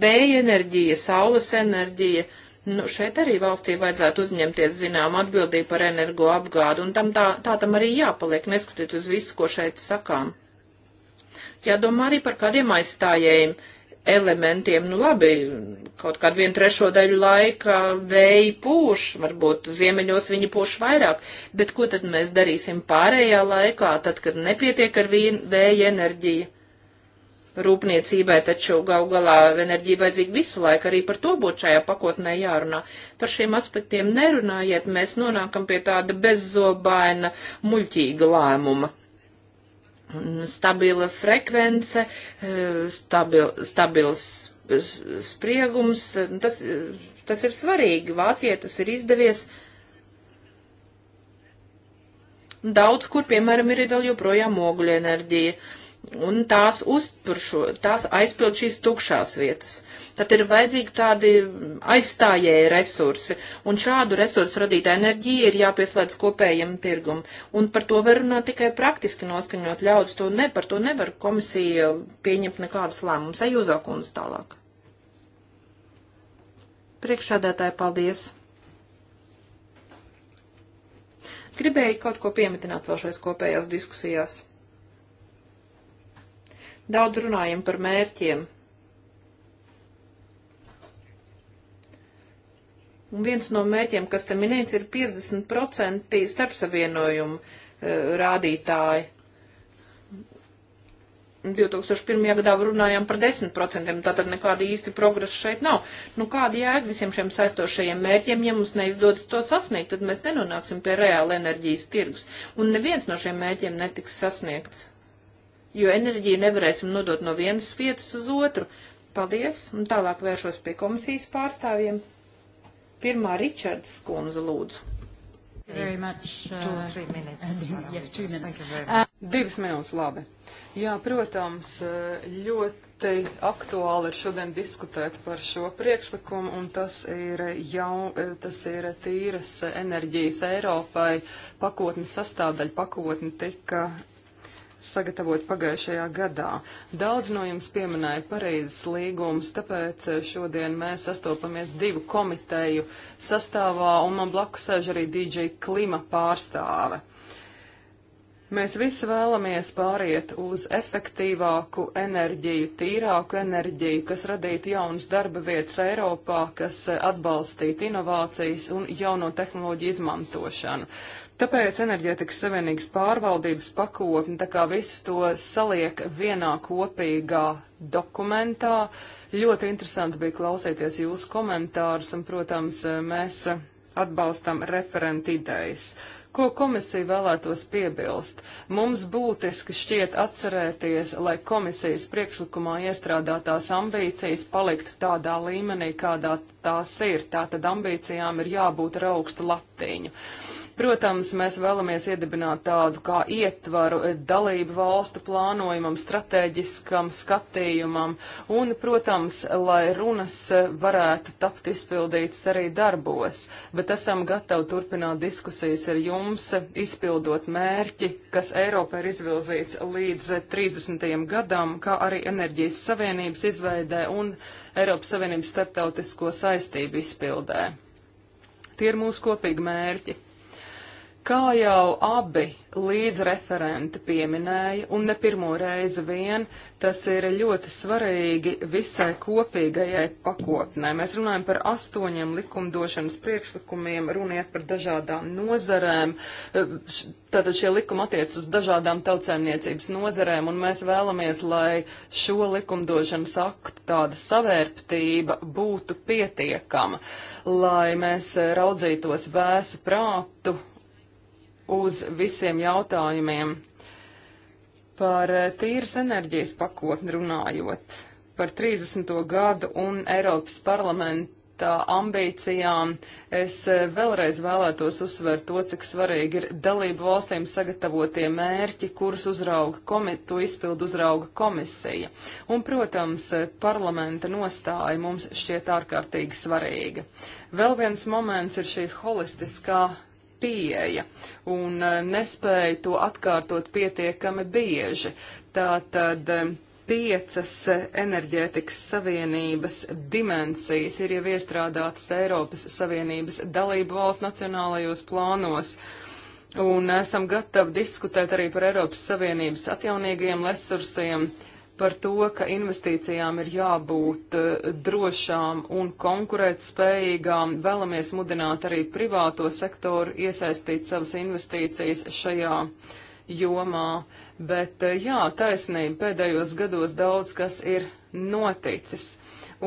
C: Vēja enerģija, saules enerģija. Nu, šeit arī valstī vajadzētu uzņemties zinām atbildību par energo apgādu, un tam tā, tā tam arī jāpaliek, neskatīt uz visu, ko šeit sakām. Jādomā arī par kādiem aizstājējiem. Uh, elementiem. Nu labi, kaut kādu vienu trešo daļu laika vēji pūš, varbūt ziemeļos viņi pūš vairāk, bet ko tad mēs darīsim pārējā laikā, tad, kad nepietiek ar vien, vēja enerģiju? Rūpniecībai taču gal galā enerģija vajadzīga visu laiku, arī par to būtu šajā pakotnē jārunā. Par šiem aspektiem nerunājiet, mēs nonākam pie tāda bezzobaina, muļķīga lēmuma stabila frekvence, eh, stabil, stabils spriegums. Tas, tas ir svarīgi. Vācijai tas ir izdevies. Daudz, kur, piemēram, ir vēl joprojām ogļu enerģija, un tās uztur šo, tās aizpild šīs tukšās vietas tad ir vajadzīgi tādi aizstājēji resursi, un šādu resursu radītā enerģija ir jāpieslēdz kopējam tirgum. Un par to var runāt tikai praktiski noskaņot ļaudis, to ne, par to nevar komisija pieņemt nekādus lēmumus. Ej uzākums tālāk. Priekšādētāji, paldies! Gribēju kaut ko piemetināt vēl šajās kopējās diskusijās. Daudz runājam par mērķiem Un viens no mērķiem, kas te minēts, ir 50% starpsavienojumu e, rādītāji. 2001. gadā runājām par 10%, tātad nekāda īsti progresa šeit nav. Nu, kāda jēga visiem šiem saistošajiem mērķiem, ja mums neizdodas to sasniegt, tad mēs nenonāksim pie reāla enerģijas tirgus. Un neviens no šiem mērķiem netiks sasniegts, jo enerģiju nevarēsim nodot no vienas vietas uz otru. Paldies, un tālāk vēršos pie komisijas pārstāvjiem. Pirmā Ričards skundze lūdzu. Much, uh, two, minutes, uh, yes, minutes. Uh, Divas
B: minūtes, labi. Jā, protams, uh, ļoti aktuāli ir šodien diskutēt par šo priekšlikumu, un tas ir, jau, uh, tas ir tīras enerģijas Eiropai pakotnes sastāvdaļa pakotne tika sagatavot pagājušajā gadā. Daudz no jums pieminēja Parīzes līgumus, tāpēc eh, šodien mēs sastopamies divu komiteju sastāvā, un man blakus sēž arī DJ klima pārstāve. Mēs visi vēlamies pāriet uz efektīvāku enerģiju, tīrāku enerģiju, kas radītu jaunas darba vietas Eiropā, kas eh, atbalstītu inovācijas un jauno tehnoloģiju izmantošanu. Tāpēc enerģētikas savienības pārvaldības pakotne tā kā visu to saliek vienā kopīgā dokumentā. Ļoti interesanti bija klausīties jūsu komentārus un, protams, eh, mēs eh, atbalstam referentu idejas. Uh, Ko komisija vēlētos piebilst? Mums būtiski šķiet atcerēties, lai komisijas priekšlikumā iestrādātās ambīcijas paliktu tādā līmenī, kādā tās ir. Tātad ambīcijām ir jābūt ar augstu latiņu. Uh, Protams, mēs vēlamies iedibināt tādu kā ietvaru dalību valstu plānojumam, stratēģiskam skatījumam un, protams, lai runas varētu tapt izpildītas arī darbos, bet esam gatavi turpināt diskusijas ar jums, izpildot mērķi, kas Eiropā ir izvilzīts līdz 30. gadam, kā arī enerģijas savienības izveidē un Eiropas Savienības starptautisko saistību izpildē. Tie ir mūsu kopīgi mērķi. Kā jau abi līdzreferenti pieminēja, un ne pirmo reizi vien, tas ir ļoti svarīgi visai kopīgajai pakotnē. Mēs runājam par astoņiem likumdošanas priekšlikumiem, runiet par dažādām nozarēm. Tātad šie likumi attiec uz dažādām tautsēmniecības nozarēm, un mēs vēlamies, lai šo likumdošanas aktu tāda savērptība būtu pietiekama, lai mēs raudzītos vēsu prātu uz visiem jautājumiem. Par tīras enerģijas pakotni runājot, par 30. gadu un Eiropas parlamenta ambīcijām, es vēlreiz vēlētos uzsvērt to, cik svarīgi ir dalību valstīm sagatavotie mērķi, kurus uzrauga komi, to izpildu uzrauga komisija. Un, protams, parlamenta nostāja mums šķiet ārkārtīgi svarīga. Vēl viens moments ir šī holistiskā pieeja un e, nespēja to atkārtot pietiekami bieži. Tātad e, piecas enerģētikas savienības dimensijas ir jau iestrādātas Eiropas Savienības dalību valsts nacionālajos plānos. Un esam gatavi diskutēt arī par Eiropas Savienības atjaunīgajiem resursiem. Uh, par to, ka investīcijām ir jābūt eh, drošām un konkurētspējīgām. Vēlamies mudināt arī privāto sektoru iesaistīt savas investīcijas šajā jomā. Bet eh, jā, taisnība pēdējos gados daudz kas ir noticis.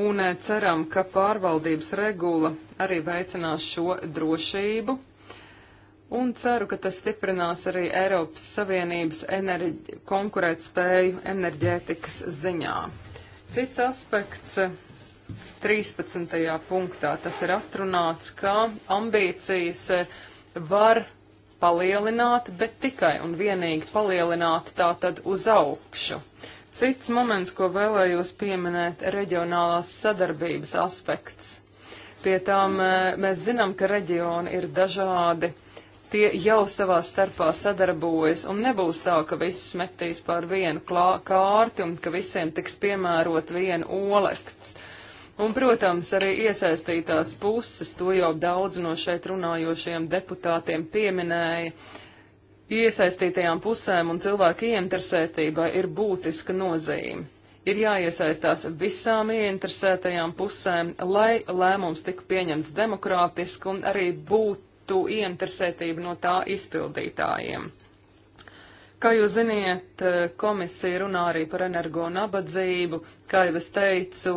B: Un eh, ceram, ka pārvaldības regula arī veicinās šo drošību un ceru, ka tas stiprinās arī Eiropas Savienības enerģi, konkurētspēju enerģētikas ziņā. Cits aspekts 13. Eh, punktā tas ir atrunāts, ka ambīcijas eh, var palielināt, bet tikai un vienīgi palielināt tā tad uz augšu. Cits moments, ko vēlējos pieminēt, reģionālās sadarbības aspekts. Pie tām eh, mēs zinām, ka reģioni ir dažādi, uh, tie jau savā starpā sadarbojas, un nebūs tā, ka visus metīs pār vienu klā, kārti un ka visiem tiks piemērot viena olekts. Un, protams, arī iesaistītās puses, to jau daudz no šeit runājošiem deputātiem pieminēja, iesaistītajām pusēm un cilvēku ieinteresētībai ir būtiska nozīme. Ir jāiesaistās visām ieinteresētajām pusēm, lai lēmums tiktu pieņemts demokrātiski un arī būtu tu ieinteresētību no tā izpildītājiem. Kā jūs ziniet, komisija runā arī par energo nabadzību, kā jau es teicu,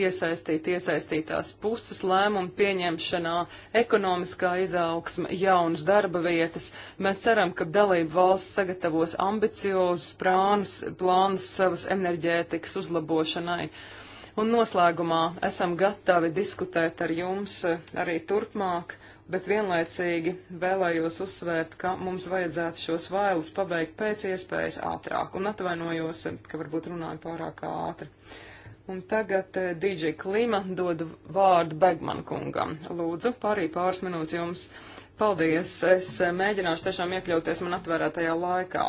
B: iesaistīt iesaistītās puses lēmumu pieņemšanā, ekonomiskā izaugsma, jaunas darba vietas. Mēs ceram, ka dalību valsts sagatavos ambiciozus prānus, plānus savas enerģētikas uzlabošanai. Un noslēgumā esam gatavi diskutēt ar jums eh, arī turpmāk bet vienlaicīgi vēlējos uzsvērt, ka mums vajadzētu šos vailus pabeigt pēc iespējas ātrāk, un atvainojos, ka varbūt runāju pārāk ātri. Un tagad eh, DJ Klima dod vārdu Begman kungam. Lūdzu, pārī pāris minūtes jums. Paldies! Es eh, mēģināšu tiešām iekļauties man atvērētajā laikā.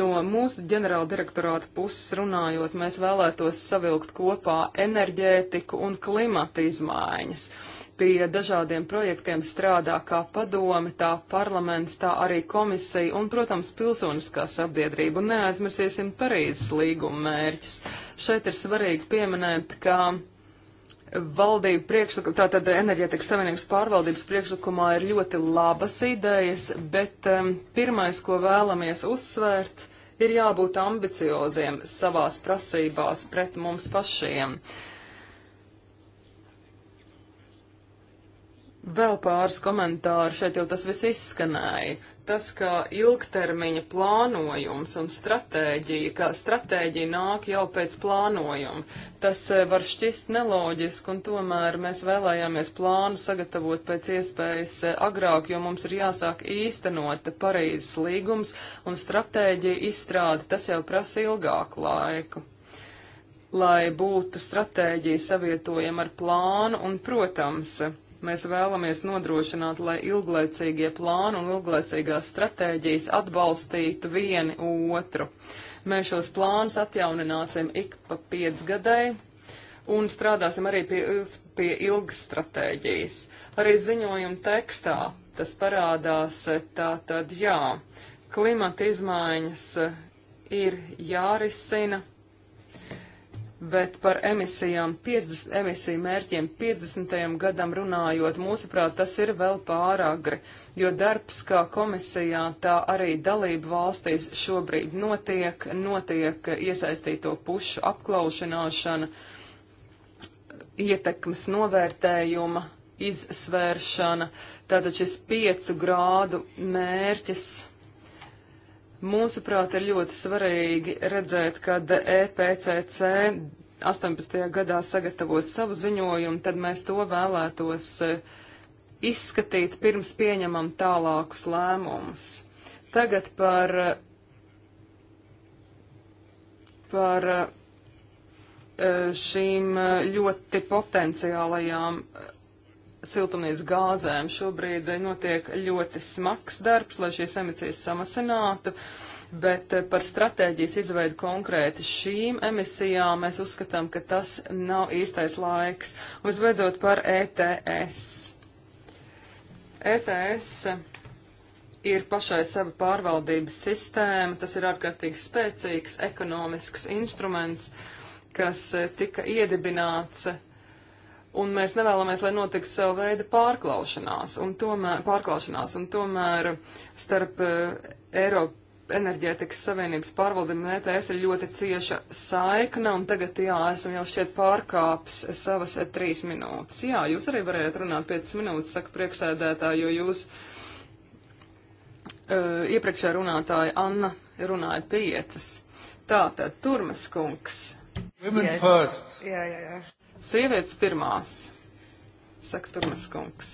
B: No mūsu ģenerāla direktorāta puses runājot, mēs vēlētos savilkt kopā enerģētiku un klimata izmaiņas pie dažādiem projektiem strādā kā padome, tā parlaments, tā arī komisija un, protams, pilsoniskā sabiedrība. Un neaizmirsīsim Parīzes līguma mērķus. Šeit ir svarīgi pieminēt, ka valdība priekšlikumā, tātad enerģētikas savienības pārvaldības priekšlikumā ir ļoti labas idejas, bet um, pirmais, ko vēlamies uzsvērt, ir jābūt ambicioziem savās prasībās pret mums pašiem. Uh, Vēl pāris komentāru, šeit jau tas viss izskanēja. Tas, ka ilgtermiņa plānojums un stratēģija, ka stratēģija nāk jau pēc plānojuma, tas eh, var šķist neloģiski, un tomēr mēs vēlējāmies plānu sagatavot pēc iespējas eh, agrāk, jo mums ir jāsāk īstenot Parīzes līgums, un stratēģija izstrāde tas jau prasa ilgāku laiku lai būtu stratēģija savietojama ar plānu un, protams, Mēs vēlamies nodrošināt, lai ilglaicīgie plāni un ilglaicīgās stratēģijas atbalstītu vieni otru. Mēs šos plānus atjaunināsim ik pa piecgadēji un strādāsim arī pie, pie ilgas stratēģijas. Arī ziņojuma tekstā tas parādās tā tad jā. Klimata izmaiņas ir jārisina bet par emisijām, 50, emisiju mērķiem 50. gadam runājot, mūsuprāt, tas ir vēl pāragri, jo darbs kā komisijā, tā arī dalību valstīs šobrīd notiek, notiek iesaistīto pušu apklaušanāšana, ietekmes novērtējuma izsvēršana, tātad šis 5 grādu mērķis Mūsuprāt, ir ļoti svarīgi redzēt, kad EPCC 18. gadā sagatavos savu ziņojumu, tad mēs to vēlētos e, izskatīt pirms pieņemam tālākus lēmumus. Tagad par, e, par e, šīm ļoti potenciālajām siltumnīcas gāzēm. Šobrīd eh, notiek ļoti smags darbs, lai šīs emisijas samasinātu, bet eh, par stratēģijas izveidu konkrēti šīm emisijām mēs uzskatām, ka tas nav īstais laiks. Uzbeidzot par ETS. ETS eh, ir pašai sava pārvaldības sistēma, tas ir ārkārtīgi spēcīgs ekonomisks instruments, kas tika iedibināts un mēs nevēlamies, lai notiks savu uh, veidu pārklaušanās, un tomēr, pārklaušanās, un tomēr uh, starp uh, Eiropu enerģētikas savienības pārvaldību un ETS ir ļoti cieša saikna, un tagad, jā, esam jau šķiet pārkāps savas eh, trīs minūtes. Jā, jūs arī varējāt runāt piecas minūtes, saka prieksēdētā, jo jūs uh, iepriekšējā runātāja Anna runāja piecas. Tātad, Turmas kungs. Women yes. first. Jā, jā, jā. Sievietes pirmās, saka Turmas kungs.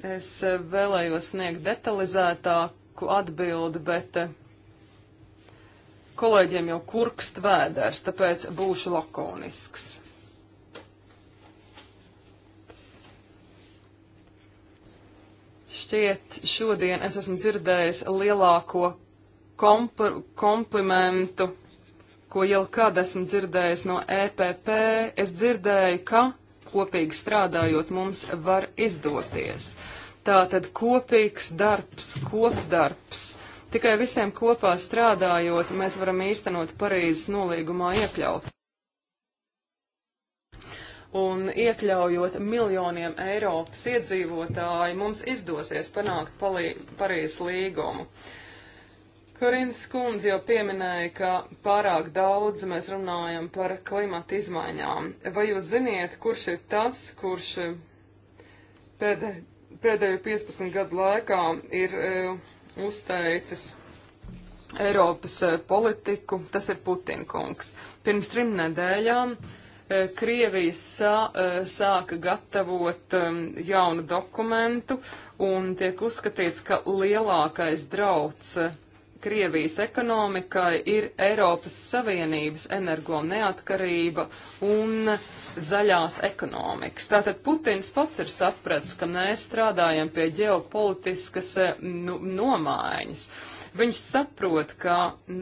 B: Es eh, vēlējos sniegt detalizētāku atbildi, bet eh, kolēģiem jau kurkst vēders, tāpēc būšu lakonisks. Šķiet, šodien es esmu dzirdējis lielāko komplimentu ko jau kad esmu dzirdējis no EPP, es dzirdēju, ka kopīgi strādājot mums var izdoties. Tātad kopīgs darbs, kopdarbs. Tikai visiem kopā strādājot, mēs varam īstenot Parīzes nolīgumā iekļaut. Un iekļaujot miljoniem Eiropas iedzīvotāju, mums izdosies panākt Parīzes līgumu. Uh, Korins Kundze jau pieminēja, ka pārāk daudz mēs runājam par klimata izmaiņām. Vai jūs ziniet, kurš ir tas, kurš eh, pēdē, pēdējo 15 gadu laikā ir e, uzteicis Eiropas e, politiku, tas ir Putinkungs. Pirms trim nedēļām e, Krievija sā, e, sāka gatavot ehm, jaunu dokumentu un tiek uzskatīts, ka lielākais drauds Krievijas ekonomikai ir Eiropas Savienības energo neatkarība un zaļās ekonomikas. Tātad Putins pats ir sapratis, ka mēs strādājam pie ģeopolitiskas e, nu, nomaiņas. Viņš saprot, ka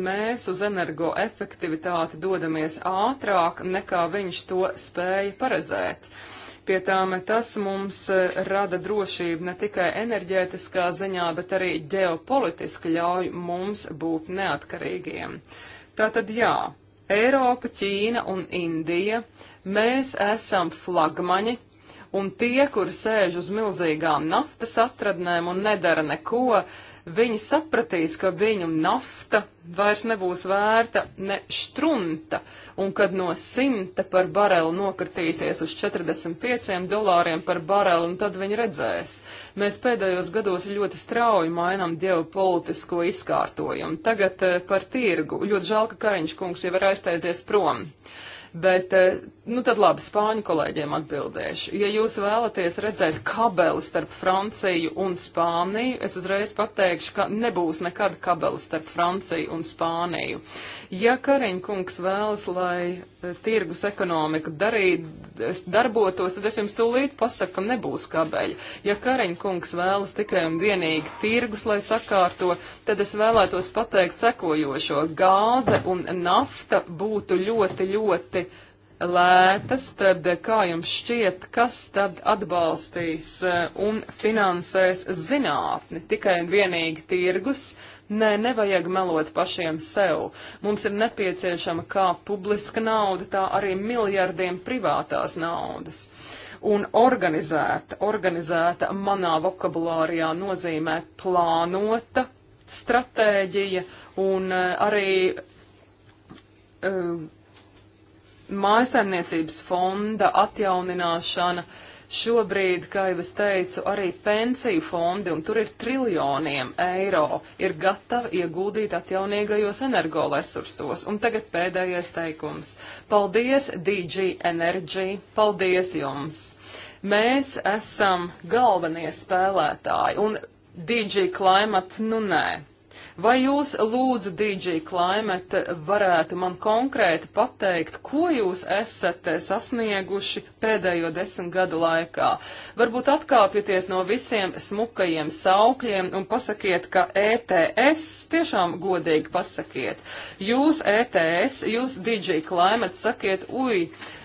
B: mēs uz energoefektivitāti dodamies ātrāk, nekā viņš to spēja paredzēt. Uh, Pie tām tas mums e, rada drošību ne tikai enerģētiskā ziņā, bet arī ģeopolitiski ļauj mums būt neatkarīgiem. Tātad jā, Eiropa, Ķīna un Indija, mēs esam flagmaņi, un tie, kur sēž uz milzīgām naftas atradnēm un nedara neko, uh, Viņi sapratīs, ka viņu nafta vairs nebūs vērta ne štrumta, un kad no 100 par barelu nokritīsies uz 45 dolāriem par barelu, un tad viņi redzēs. Mēs pēdējos gados ļoti strauji mainām ģeopolitisko izkārtojumu. Tagad eh, par tirgu. Ļoti žēl, ka Kariņš kungs jau ir aizteidzies prom bet eh, Nu, tad labi, spāņu kolēģiem atbildēšu. Ja jūs vēlaties redzēt kabeli starp Franciju un Spāniju, es uzreiz pateikšu, ka nebūs nekad kabeli starp Franciju un Spāniju. Ja Kariņkungs vēlas, lai eh, tirgus ekonomika darīt, darbotos, tad es jums tūlīt pasaku, ka nebūs kabeļa. Ja Kariņkungs vēlas tikai un vienīgi tirgus, lai sakārto, tad es vēlētos pateikt sekojošo. Gāze un nafta būtu ļoti, ļoti. ļoti lētas, tad eh, kā jums šķiet, kas tad atbalstīs eh, un finansēs zinātni tikai un vienīgi tirgus? Nē, ne, nevajag melot pašiem sev. Mums ir nepieciešama kā publiska nauda, tā arī miljardiem privātās naudas. Un organizēta, organizēta manā vokabulārijā nozīmē plānota stratēģija un eh, arī uh, Mājasaimniecības fonda atjaunināšana šobrīd, kā jau es teicu, arī pensiju fondi, un tur ir triljoniem eiro, ir gatavi ieguldīt atjaunīgajos energoresursos. Un tagad pēdējais teikums. Paldies, DG Energy, paldies jums! Mēs esam galvenie spēlētāji, un DG Climate, nu nē. Vai jūs lūdzu, DJ Climate, varētu man konkrēti pateikt, ko jūs esat sasnieguši pēdējo desmit gadu laikā? Varbūt atkāpieties no visiem smukajiem saukļiem un pasakiet, ka ETS tiešām godīgi pasakiet. Jūs ETS, jūs DJ Climate sakiet, ui, uh,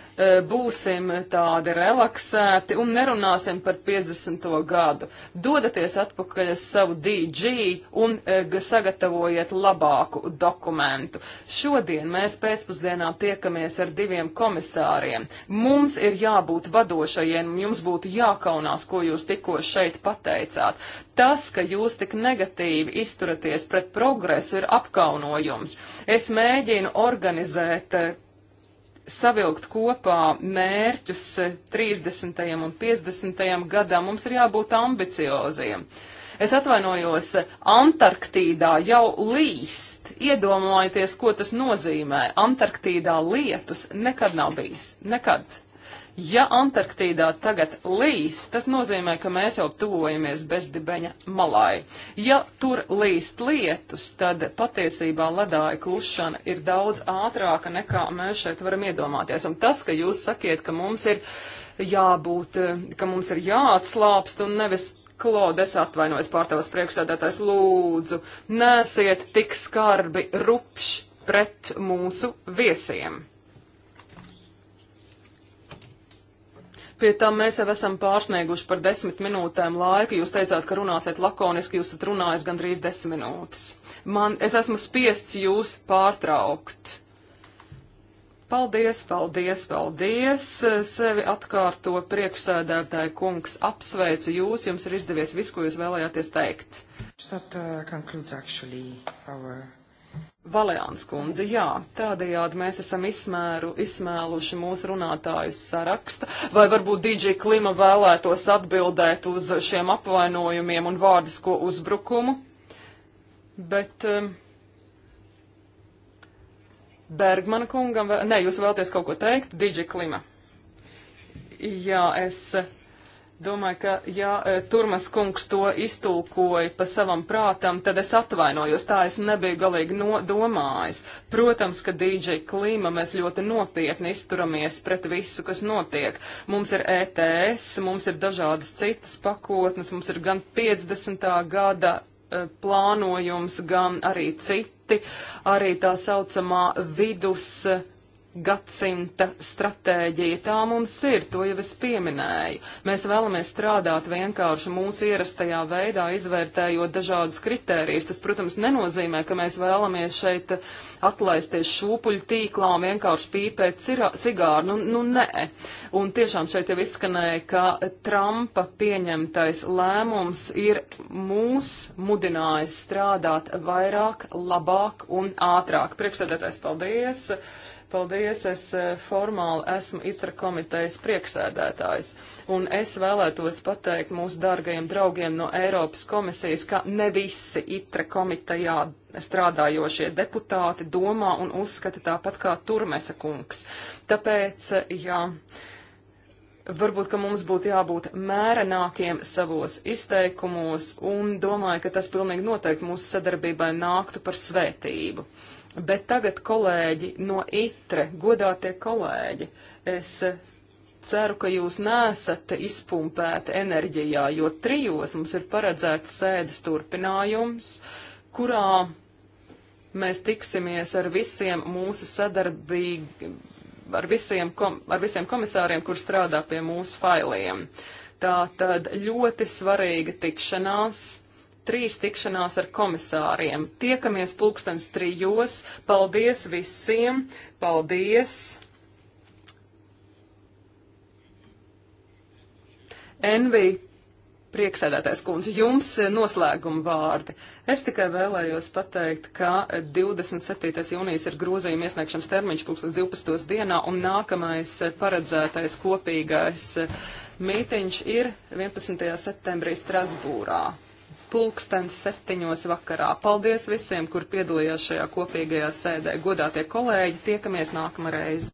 B: būsim tādi relaksēti un nerunāsim par 50. gadu. Dodaties atpakaļ uz savu DG un sagatavojiet labāku dokumentu. Šodien mēs pēcpusdienā tiekamies ar diviem komisāriem. Mums ir jābūt vadošajiem, jums būtu jākaunās, ko jūs tikko šeit pateicāt. Tas, ka jūs tik negatīvi izturaties pret progresu, ir apkaunojums. Es mēģinu organizēt savilkt kopā mērķus 30. un 50. gadam, mums ir jābūt ambicioziem. Es atvainojos, Antarktīdā jau līst. Iedomājieties, ko tas nozīmē. Antarktīdā lietus nekad nav bijis. Nekad. Ja Antarktīdā tagad līs, tas nozīmē, ka mēs jau tuvojamies bezdibeņa malai. Ja tur līst lietus, tad patiesībā ledāja klušana ir daudz ātrāka nekā mēs šeit varam iedomāties. Un tas, ka jūs sakiet, ka mums ir jābūt, ka mums ir jāatslāpst un nevis Klod, es atvainojos pār tavas priekšstādātājs, lūdzu, nesiet tik skarbi rupš pret mūsu viesiem. Pie tam mēs jau esam pārsnieguši par desmit minūtēm laiku. Jūs teicāt, ka runāsiet lakoniski, jūs esat runājis gandrīz desmit minūtes. Man, es esmu spiests jūs pārtraukt. Paldies, paldies, paldies! Sevi atkārto priekšsēdētāja kungs apsveicu jūs, jums ir izdevies viss, ko jūs vēlējāties teikt. That, uh, concludes actually our Valēns kundze, jā, tādējādi mēs esam izsmēru, izsmēluši mūsu runātāju saraksta, vai varbūt DJ Klima vēlētos atbildēt uz šiem apvainojumiem un vārdisko uzbrukumu, bet um, Bergmana kungam, vēl... nē, jūs vēlaties kaut ko teikt, DJ Klima. Jā, es Domāju, ka ja e, Turmas kungs to iztulkoja pa savam prātam, tad es atvainojos, tā es nebiju galīgi no domājis. Protams, ka DJ klīma mēs ļoti nopietni izturamies pret visu, kas notiek. Mums ir ETS, mums ir dažādas citas pakotnes, mums ir gan 50. gada e, plānojums, gan arī citi, arī tā saucamā vidus gadsimta stratēģija. Tā mums ir, to jau es pieminēju. Mēs vēlamies strādāt vienkārši mūsu ierastajā veidā, izvērtējot dažādas kritērijas. Tas, protams, nenozīmē, ka mēs vēlamies šeit atlaisties šūpuļu tīklā un vienkārši pīpēt cirā, cigāru. Nu, nu, nē. Un tiešām šeit jau izskanēja, ka Trumpa pieņemtais lēmums ir mūs mudinājis strādāt vairāk, labāk un ātrāk. Priekšsēdētājs, paldies! Paldies, es eh, formāli esmu ITRA komitejas prieksēdētājs, un es vēlētos pateikt mūsu dārgajiem draugiem no Eiropas komisijas, ka ne visi ITRA komitejā strādājošie deputāti domā un uzskata tāpat kā Turmesa kungs. Tāpēc, eh, jā, varbūt, ka mums būtu jābūt mērenākiem savos izteikumos, un domāju, ka tas pilnīgi noteikti mūsu sadarbībai nāktu par svētību. Bet tagad, kolēģi no ITRE, godātie kolēģi, es ceru, ka jūs nesat izpumpēti enerģijā, jo trijos mums ir paredzēts sēdes turpinājums, kurā mēs tiksimies ar visiem mūsu sadarbīgi, ar visiem, kom, ar visiem komisāriem, kur strādā pie mūsu failiem. Tā tad ļoti svarīga tikšanās trīs tikšanās ar komisāriem. Tiekamies pulkstens trijos. Paldies visiem! Paldies! Envi, priekšsēdētājs kundze, jums noslēguma vārdi. Es tikai vēlējos pateikt, ka 27. jūnijas ir grozījuma iesniegšanas termiņš 2012. dienā un nākamais paredzētais kopīgais mītiņš ir 11. septembrī Strasbūrā pulkstens septiņos vakarā. Paldies visiem, kur piedalījās šajā kopīgajā sēdē. Godātie kolēģi, tiekamies nākamreiz!